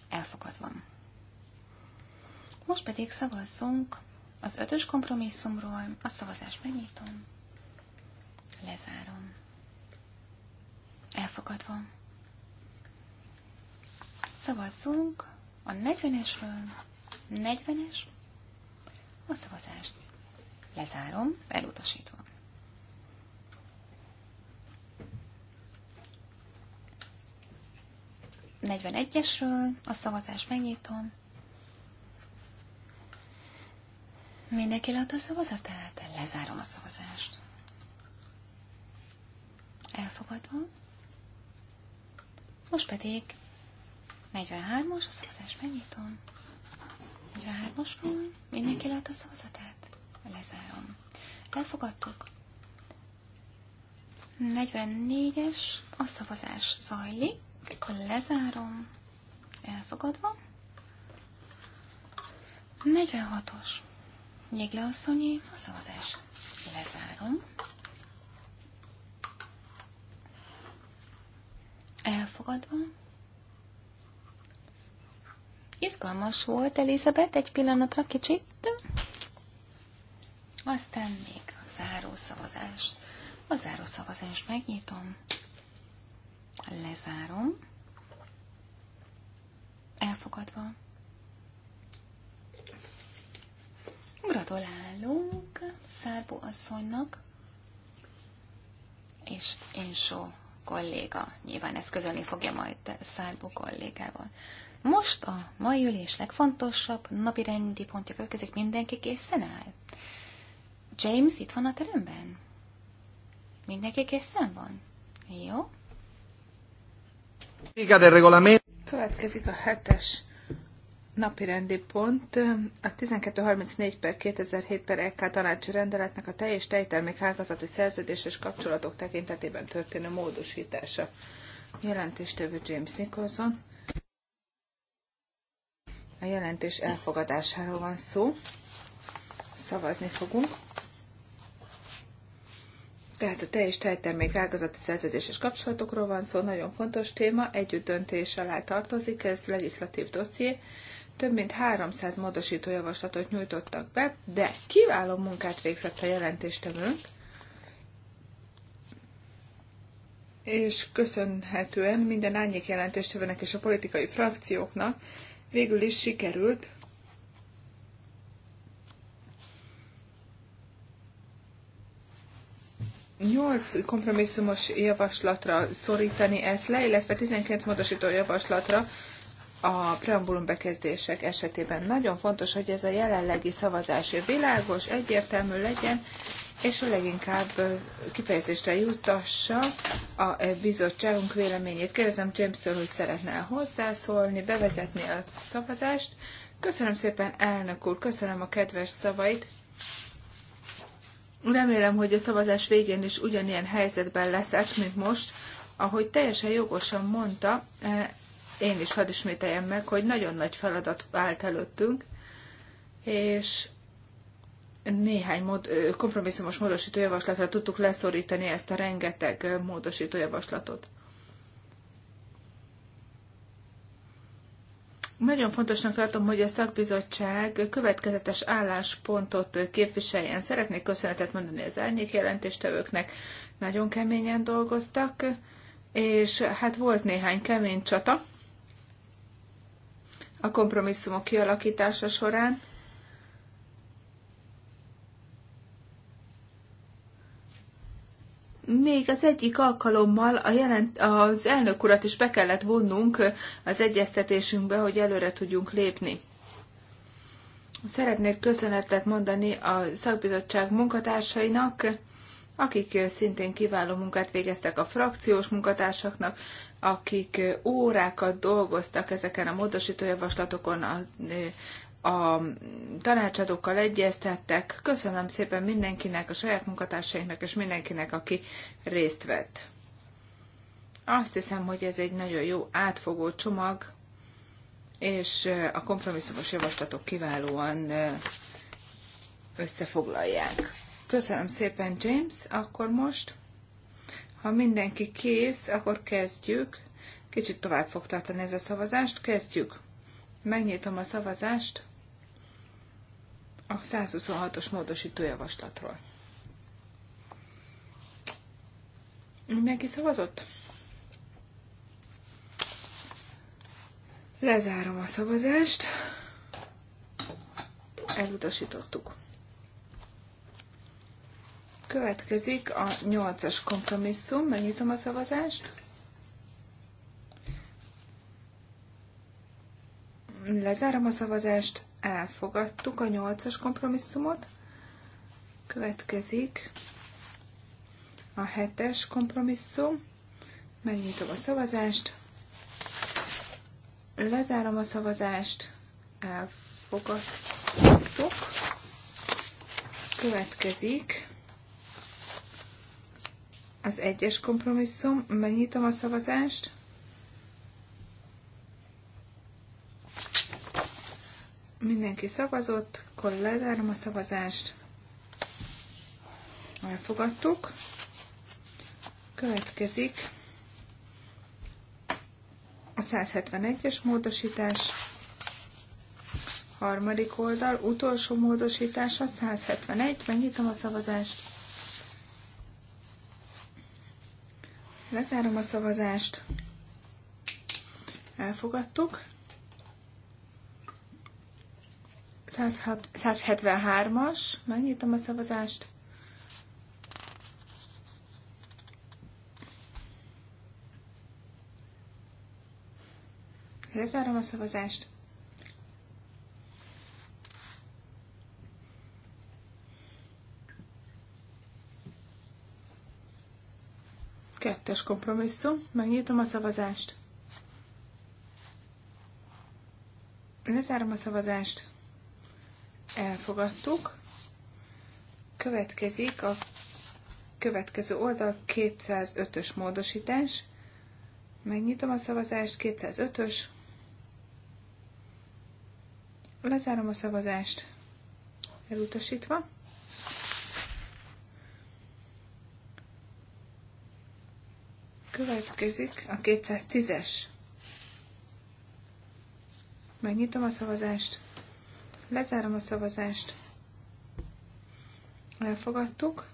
elfogadva. Most pedig szavazzunk az ötös kompromisszumról, a szavazást megnyitom, lezárom. Elfogadva. Szavazzunk a 40-esről. 40-es. A szavazást lezárom, elutasítva. Negyvenegyesről a szavazást megnyitom. Mindenki leadta a szavazatát? Lezárom a szavazást. Elfogadom. Most pedig 43-as, a szavazás megnyitom. 43-as van, mindenki lát a szavazatát? Lezárom. Elfogadtuk. 44-es, a szavazás zajlik, lezárom, elfogadva. 46-os, Nyigle asszonyé, a szavazás lezárom. Elfogadva. Izgalmas volt, Elizabeth, egy pillanatra kicsit. Aztán még a záró szavazás. A záró szavazást megnyitom. Lezárom. Elfogadva. Gratulálunk Szárbó asszonynak, és Insó kolléga nyilván ezt közölni fogja majd Szárbó kollégával. Most a mai ülés legfontosabb napi rendi pontja következik, mindenki készen áll. James itt van a teremben? Mindenki készen van? Jó. Következik a hetes napirendi pont a 1234 per 2007 per EK tanácsi rendeletnek a teljes és tejtermék ágazati és kapcsolatok tekintetében történő módosítása. Jelentéstevő James Nicholson. A jelentés elfogadásáról van szó. Szavazni fogunk. Tehát a teljes tejtermék ágazati és kapcsolatokról van szó, nagyon fontos téma, együtt döntés alá tartozik, ez legislatív dosszié. Több mint 300 módosító javaslatot nyújtottak be, de kiváló munkát végzett a jelentéstevőnk, és köszönhetően minden árnyék jelentéstevőnek és a politikai frakcióknak végül is sikerült nyolc kompromisszumos javaslatra szorítani ezt le, illetve 12 módosító javaslatra a preambulum bekezdések esetében. Nagyon fontos, hogy ez a jelenlegi szavazás világos, egyértelmű legyen, és leginkább kifejezésre jutassa a bizottságunk véleményét. Kérdezem james hogy szeretne hozzászólni, bevezetni a szavazást. Köszönöm szépen, elnök úr, köszönöm a kedves szavait. Remélem, hogy a szavazás végén is ugyanilyen helyzetben leszek, mint most. Ahogy teljesen jogosan mondta, én is hadd ismételjem meg, hogy nagyon nagy feladat vált előttünk, és néhány mod, kompromisszumos módosítójavaslatra tudtuk leszorítani ezt a rengeteg módosítójavaslatot. Nagyon fontosnak tartom, hogy a szakbizottság következetes álláspontot képviseljen. Szeretnék köszönetet mondani az árnyék jelentéstevőknek. Nagyon keményen dolgoztak, és hát volt néhány kemény csata a kompromisszumok kialakítása során még az egyik alkalommal a jelent, az elnök urat is be kellett vonnunk az egyeztetésünkbe, hogy előre tudjunk lépni. Szeretnék köszönetet mondani a szakbizottság munkatársainak, akik szintén kiváló munkát végeztek a frakciós munkatársaknak, akik órákat dolgoztak ezeken a módosítójavaslatokon, a a tanácsadókkal egyeztettek. Köszönöm szépen mindenkinek, a saját munkatársainknak és mindenkinek, aki részt vett. Azt hiszem, hogy ez egy nagyon jó átfogó csomag, és a kompromisszumos javaslatok kiválóan összefoglalják. Köszönöm szépen, James. Akkor most, ha mindenki kész, akkor kezdjük. Kicsit tovább fog tartani ez a szavazást. Kezdjük. Megnyitom a szavazást a 126-os módosító javaslatról. Mindenki szavazott? Lezárom a szavazást. Elutasítottuk. Következik a 8-as kompromisszum. Megnyitom a szavazást. Lezárom a szavazást elfogadtuk a nyolcas kompromisszumot. Következik a hetes kompromisszum. Megnyitom a szavazást. Lezárom a szavazást. Elfogadtuk. Következik az egyes kompromisszum. Megnyitom a szavazást. Mindenki szavazott, akkor lezárom a szavazást. Elfogadtuk. Következik a 171-es módosítás, harmadik oldal, utolsó módosítása, 171, megnyitom a szavazást. Lezárom a szavazást. Elfogadtuk. 173-as, megnyitom a szavazást. Lezárom a szavazást. Kettes kompromisszum. Megnyitom a szavazást. Lezárom a szavazást elfogadtuk. Következik a következő oldal 205-ös módosítás. Megnyitom a szavazást, 205-ös. Lezárom a szavazást, elutasítva. Következik a 210-es. Megnyitom a szavazást. Lezárom a szavazást. Elfogadtuk.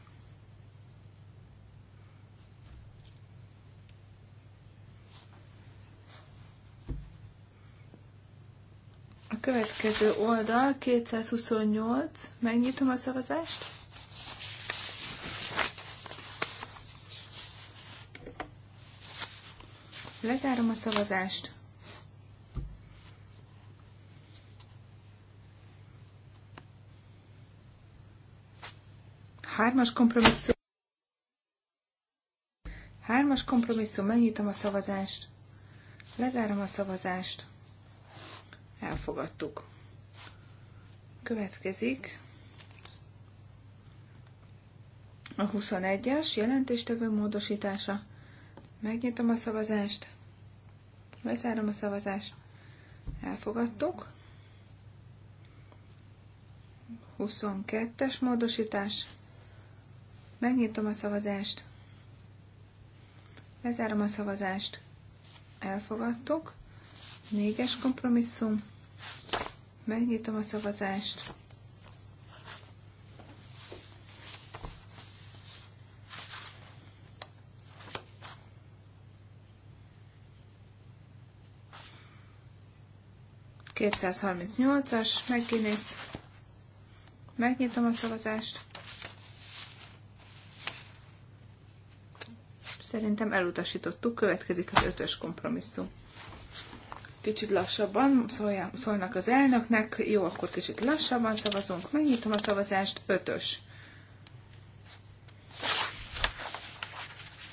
A következő oldal 228. Megnyitom a szavazást. Lezárom a szavazást. Hármas kompromisszum. Hármas kompromisszum, megnyitom a szavazást. Lezárom a szavazást. Elfogadtuk. Következik a 21-es jelentéstevő módosítása. Megnyitom a szavazást. Lezárom a szavazást. Elfogadtuk. 22-es módosítás. Megnyitom a szavazást. Lezárom a szavazást. Elfogadtuk. Négyes kompromisszum. Megnyitom a szavazást. Kétszázharmincnyolcas, megkinész. Megnyitom a szavazást. Szerintem elutasítottuk, következik az ötös kompromisszum. Kicsit lassabban szólnak az elnöknek, jó, akkor kicsit lassabban szavazunk, megnyitom a szavazást, ötös.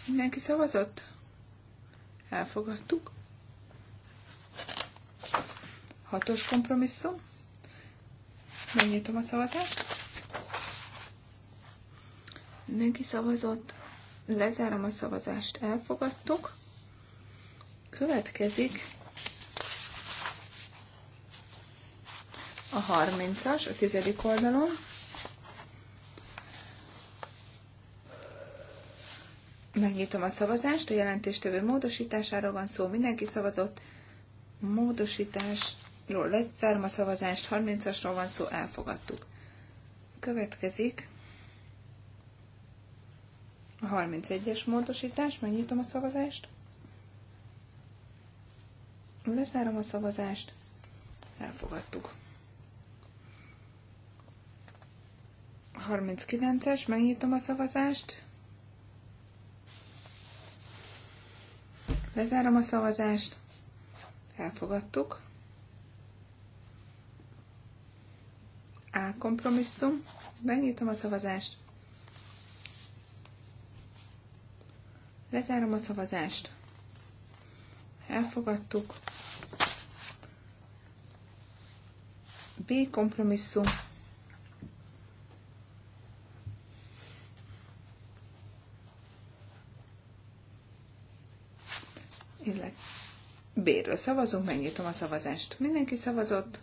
Mindenki szavazott? Elfogadtuk. Hatos kompromisszum. Megnyitom a szavazást. Mindenki szavazott. Lezárom a szavazást, elfogadtuk. Következik a 30-as, a tizedik oldalon. Megnyitom a szavazást, a jelentéstevő módosításáról van szó, mindenki szavazott. Módosításról lezárom a szavazást, 30-asról van szó, elfogadtuk. Következik a 31-es módosítás, megnyitom a szavazást. Leszárom a szavazást. Elfogadtuk. 39-es, megnyitom a szavazást. Lezárom a szavazást. Elfogadtuk. A kompromisszum. Megnyitom a szavazást. Lezárom a szavazást. Elfogadtuk. B kompromisszum. Illetve B-ről szavazunk, megnyitom a szavazást. Mindenki szavazott.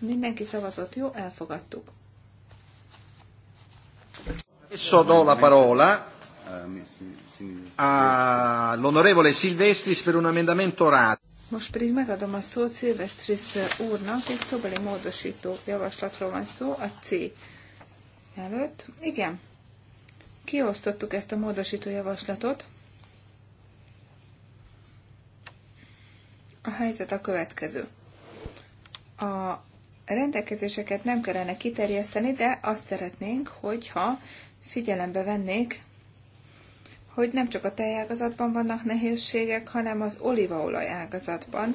Mindenki szavazott, jó, elfogadtuk. Adesso do la parola eh, all'onorevole Silvestris per un emendamento orale. Most pedig megadom a szót Szilvesztris úrnak, és szobeli módosító javaslatról van szó a C előtt. Igen, kiosztottuk ezt a módosító javaslatot. A helyzet a következő. A rendelkezéseket nem kellene kiterjeszteni, de azt szeretnénk, hogyha figyelembe vennék, hogy nem csak a tejágazatban vannak nehézségek, hanem az olívaolaj ágazatban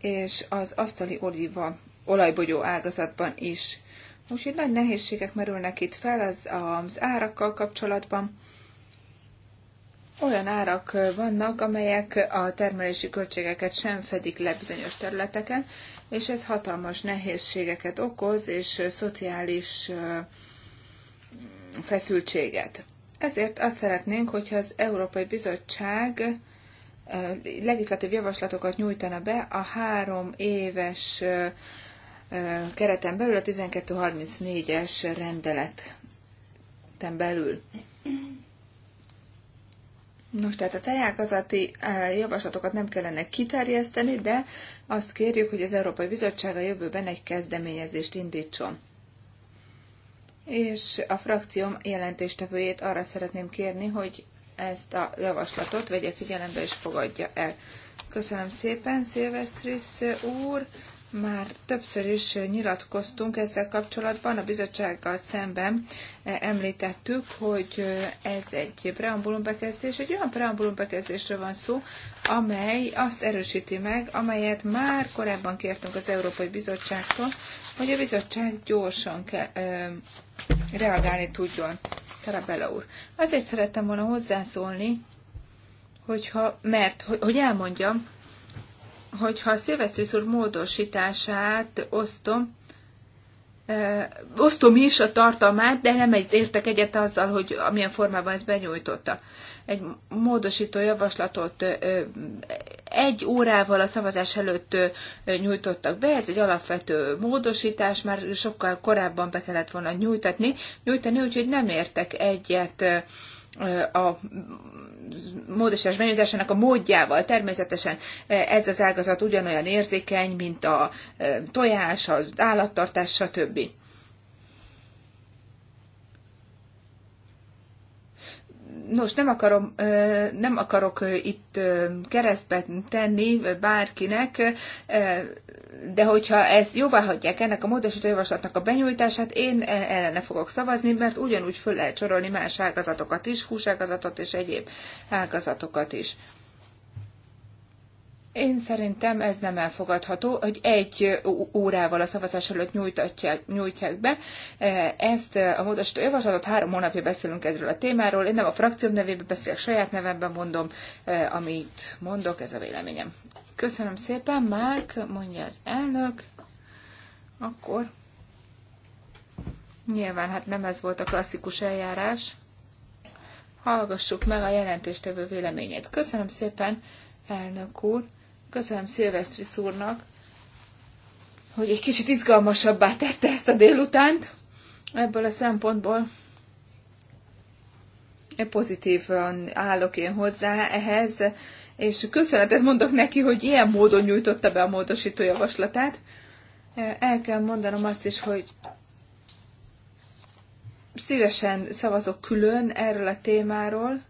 és az asztali olíva olajbogyó ágazatban is. Úgyhogy nagy nehézségek merülnek itt fel az, az árakkal kapcsolatban. Olyan árak vannak, amelyek a termelési költségeket sem fedik le bizonyos területeken, és ez hatalmas nehézségeket okoz, és szociális feszültséget. Ezért azt szeretnénk, hogyha az Európai Bizottság eh, legislatív javaslatokat nyújtana be a három éves eh, eh, kereten belül, a 1234-es rendeleten belül. Nos, tehát a tejákazati javaslatokat nem kellene kiterjeszteni, de azt kérjük, hogy az Európai Bizottság a jövőben egy kezdeményezést indítson és a frakcióm jelentéstevőjét arra szeretném kérni, hogy ezt a javaslatot vegye figyelembe és fogadja el. Köszönöm szépen, Szilvesztris úr. Már többször is nyilatkoztunk ezzel kapcsolatban, a bizottsággal szemben e, említettük, hogy ez egy preambulum bekezdés, egy olyan preambulum bekezdésről van szó, amely azt erősíti meg, amelyet már korábban kértünk az Európai Bizottságtól, hogy a bizottság gyorsan kell, ö, reagálni tudjon. Tarabella úr. Azért szerettem volna hozzászólni, hogyha, mert, hogy, hogy elmondjam, hogyha Szilvesztris úr módosítását osztom, osztom is a tartalmát, de nem értek egyet azzal, hogy amilyen formában ez benyújtotta. Egy módosító javaslatot egy órával a szavazás előtt nyújtottak be, ez egy alapvető módosítás, már sokkal korábban be kellett volna nyújtatni, nyújtani, úgyhogy nem értek egyet a módosítás benyújtásának a módjával. Természetesen eh, ez az ágazat ugyanolyan érzékeny, mint a eh, tojás, az állattartás, stb. Nos, nem, akarom, nem akarok itt keresztbe tenni bárkinek, de hogyha ez jóvá hagyják ennek a módosító javaslatnak a benyújtását, én e, ellene fogok szavazni, mert ugyanúgy föl lehet sorolni más ágazatokat is, húságazatot és egyéb ágazatokat is. Én szerintem ez nem elfogadható, hogy egy órával a szavazás előtt nyújtatják, nyújtják be. E, ezt a módosító javaslatot három hónapja beszélünk erről a témáról. Én nem a frakcióm nevében beszélek, saját nevemben mondom, e, amit mondok, ez a véleményem. Köszönöm szépen, Márk, mondja az elnök. Akkor nyilván hát nem ez volt a klasszikus eljárás. Hallgassuk meg a jelentéstevő véleményét. Köszönöm szépen, elnök úr. Köszönöm Szilvesztri szúrnak, hogy egy kicsit izgalmasabbá tette ezt a délutánt ebből a szempontból. Pozitívan állok én hozzá ehhez, és köszönetet mondok neki, hogy ilyen módon nyújtotta be a módosító javaslatát. El kell mondanom azt is, hogy szívesen szavazok külön erről a témáról,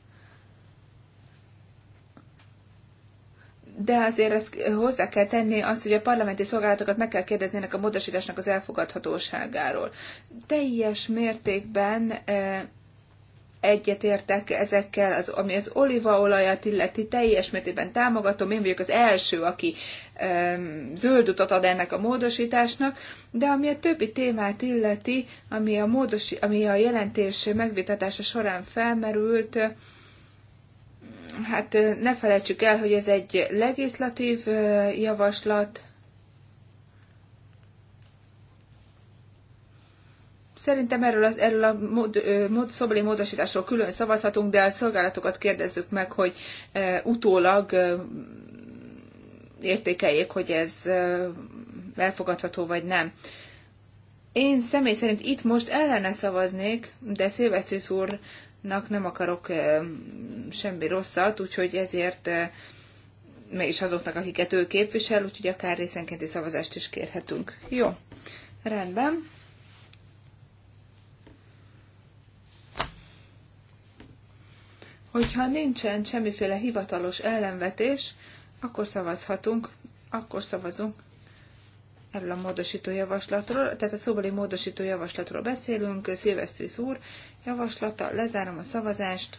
de azért ezt hozzá kell tenni azt, hogy a parlamenti szolgálatokat meg kell kérdeznének a módosításnak az elfogadhatóságáról. Teljes mértékben eh, egyetértek ezekkel, az, ami az olívaolajat illeti, teljes mértékben támogatom, én vagyok az első, aki zöld utat ad ennek a módosításnak, de ami a többi témát illeti, ami a, módosi, ami a jelentés megvitatása során felmerült, hát ne felejtsük el, hogy ez egy legislatív javaslat. Szerintem erről, az, erről a mód, mód, szobeli módosításról külön szavazhatunk, de a szolgálatokat kérdezzük meg, hogy e, utólag e, értékeljék, hogy ez e, elfogadható vagy nem. Én személy szerint itt most ellene szavaznék, de Szilveszis úr e, nak nem akarok semmi rosszat, úgyhogy ezért mégis azoknak, akiket ő képvisel, úgyhogy akár részenkénti szavazást is kérhetünk. Jó, rendben. Hogyha nincsen semmiféle hivatalos ellenvetés, akkor szavazhatunk, akkor szavazunk erről a módosító javaslatról, tehát a szóbeli módosító javaslatról beszélünk, Szilvesztris úr javaslata, lezárom a szavazást.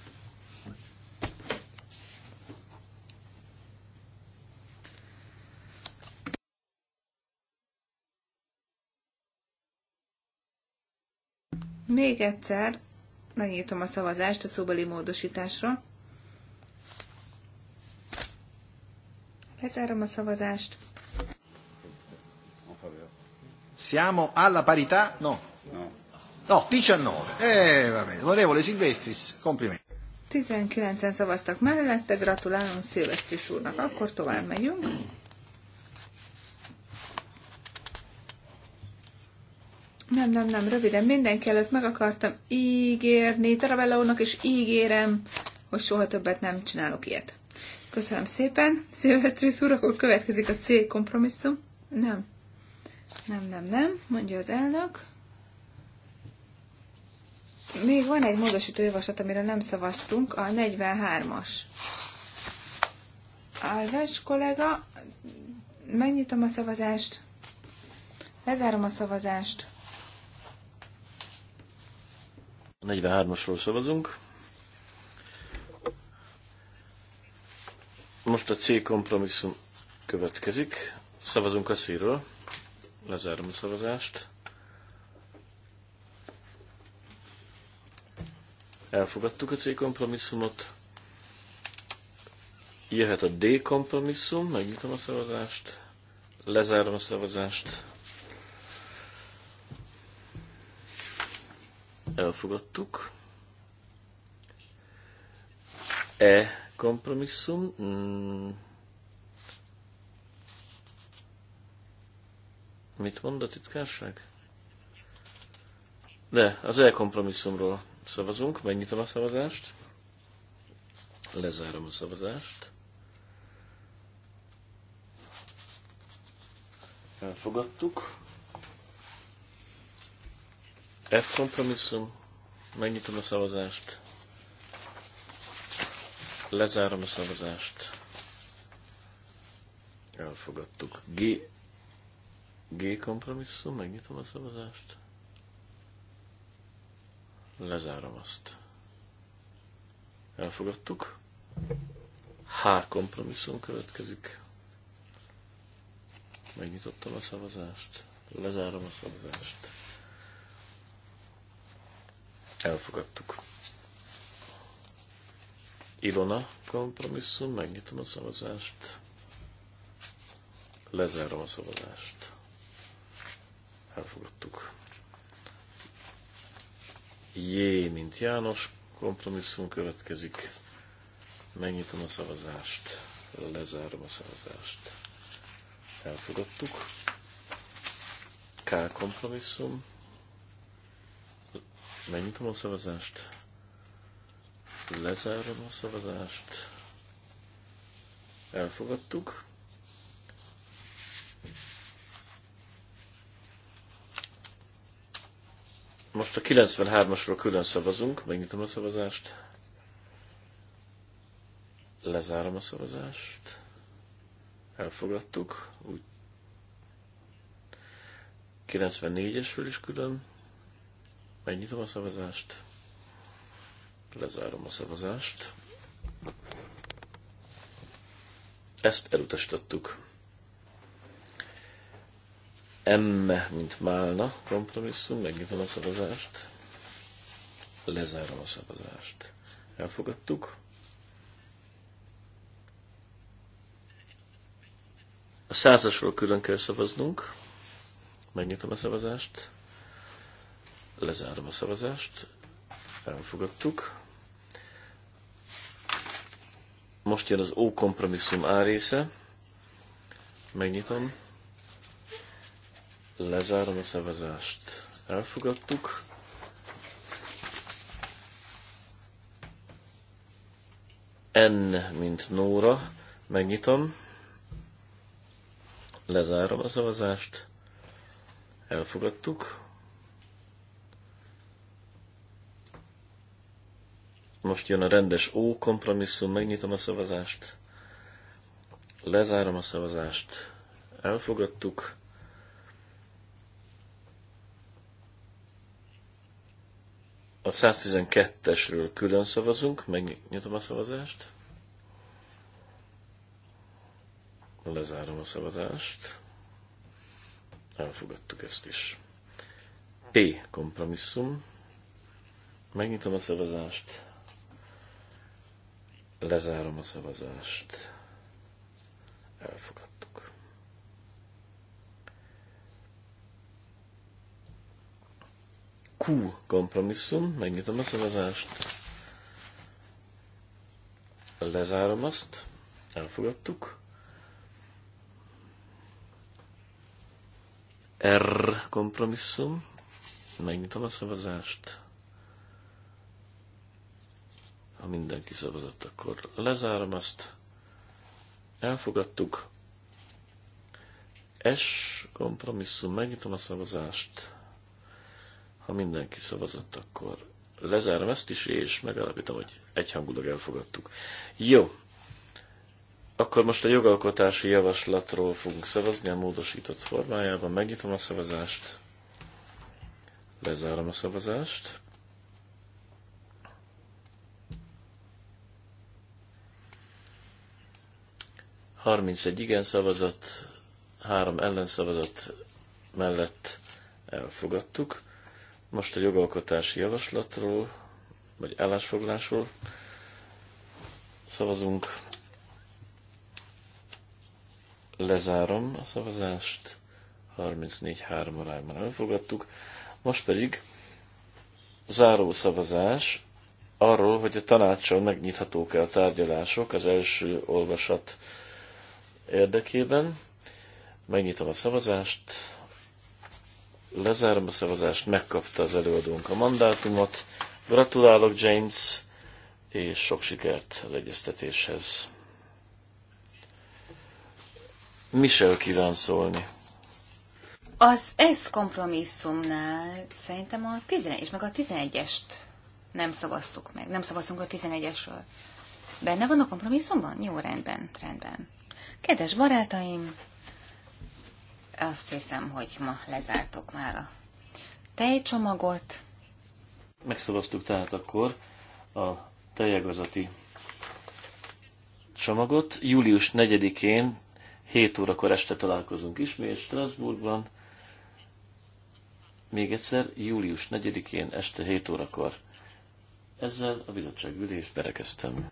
Még egyszer megnyitom a szavazást a szóbeli módosításra. Lezárom a szavazást. Siamo alla parità? No. No, 19. Eh, bene. Onorevole Silvestris, complimenti. 19-en szavaztak mellette, gratulálom Szilvesztris úrnak. Akkor tovább megyünk. Nem, nem, nem, röviden. Mindenki előtt meg akartam ígérni Tarabella úrnak, és ígérem, hogy soha többet nem csinálok ilyet. Köszönöm szépen. Szilvesztris úr, akkor következik a C kompromisszum. Nem. Nem, nem, nem, mondja az elnök. Még van egy módosító javaslat, amire nem szavaztunk, a 43-as. Álves kollega, megnyitom a szavazást, lezárom a szavazást. 43-asról szavazunk. Most a C kompromisszum következik. Szavazunk a C-ről. Lezárom a szavazást. Elfogadtuk a C kompromisszumot. Jöhet a D kompromisszum, megnyitom a szavazást. Lezárom a szavazást. Elfogadtuk. E kompromisszum. Mm Mit mond a titkárság? De, az elkompromisszumról szavazunk, megnyitom a szavazást, lezárom a szavazást. Elfogadtuk. F kompromisszum, megnyitom a szavazást, lezárom a szavazást. Elfogadtuk. G G kompromisszum, megnyitom a szavazást. Lezárom azt. Elfogadtuk. H kompromisszum következik. Megnyitottam a szavazást. Lezárom a szavazást. Elfogadtuk. Ilona kompromisszum, megnyitom a szavazást. Lezárom a szavazást elfogadtuk. J, mint János, kompromisszum következik. Megnyitom a szavazást, lezárom a szavazást. Elfogadtuk. K kompromisszum. Megnyitom a szavazást. Lezárom a szavazást. Elfogadtuk. Most a 93-asról külön szavazunk, megnyitom a szavazást. Lezárom a szavazást. Elfogadtuk. Úgy 94-esről is külön. Megnyitom a szavazást. Lezárom a szavazást. Ezt elutasítottuk emme, mint málna kompromisszum, megnyitom a szavazást, lezárom a szavazást. Elfogadtuk. A százasról külön kell szavaznunk. Megnyitom a szavazást. Lezárom a szavazást. Elfogadtuk. Most jön az O kompromisszum A része. Megnyitom. Lezárom a szavazást. Elfogadtuk. N, mint Nóra. Megnyitom. Lezárom a szavazást. Elfogadtuk. Most jön a rendes O kompromisszum, megnyitom a szavazást. Lezárom a szavazást. Elfogadtuk. A 112-esről külön szavazunk, megnyitom a szavazást. Lezárom a szavazást. Elfogadtuk ezt is. P kompromisszum. Megnyitom a szavazást. Lezárom a szavazást. Elfogadtuk. Q kompromisszum, megnyitom a szavazást, lezárom azt, elfogadtuk. R kompromisszum, megnyitom a szavazást, ha mindenki szavazott, akkor lezárom azt, elfogadtuk. S kompromisszum, megnyitom a szavazást, ha mindenki szavazott, akkor lezárom ezt is, és megállapítom, hogy egyhangulag elfogadtuk. Jó. Akkor most a jogalkotási javaslatról fogunk szavazni a módosított formájában. Megnyitom a szavazást. Lezárom a szavazást. egy igen szavazat, három ellenszavazat mellett elfogadtuk. Most a jogalkotási javaslatról, vagy állásfoglásról szavazunk. Lezárom a szavazást. 34-3 arányban elfogadtuk. Most pedig záró szavazás arról, hogy a tanácson megnyithatók-e a tárgyalások az első olvasat érdekében. Megnyitom a szavazást. Lezárom a szavazást, megkapta az előadónk a mandátumot. Gratulálok, James, és sok sikert az egyeztetéshez. Michel kíván szólni. Az ez kompromisszumnál szerintem a 11 és meg a 11-est nem szavaztuk meg. Nem szavaztunk a 11-esről. Benne van a kompromisszumban? Jó, rendben, rendben. Kedves barátaim, azt hiszem, hogy ma lezártok már a tejcsomagot. Megszavaztuk tehát akkor a tejegazati csomagot. Július 4-én 7 órakor este találkozunk ismét Strasbourgban. Még egyszer, július 4-én este 7 órakor. Ezzel a bizottság ülést berekeztem.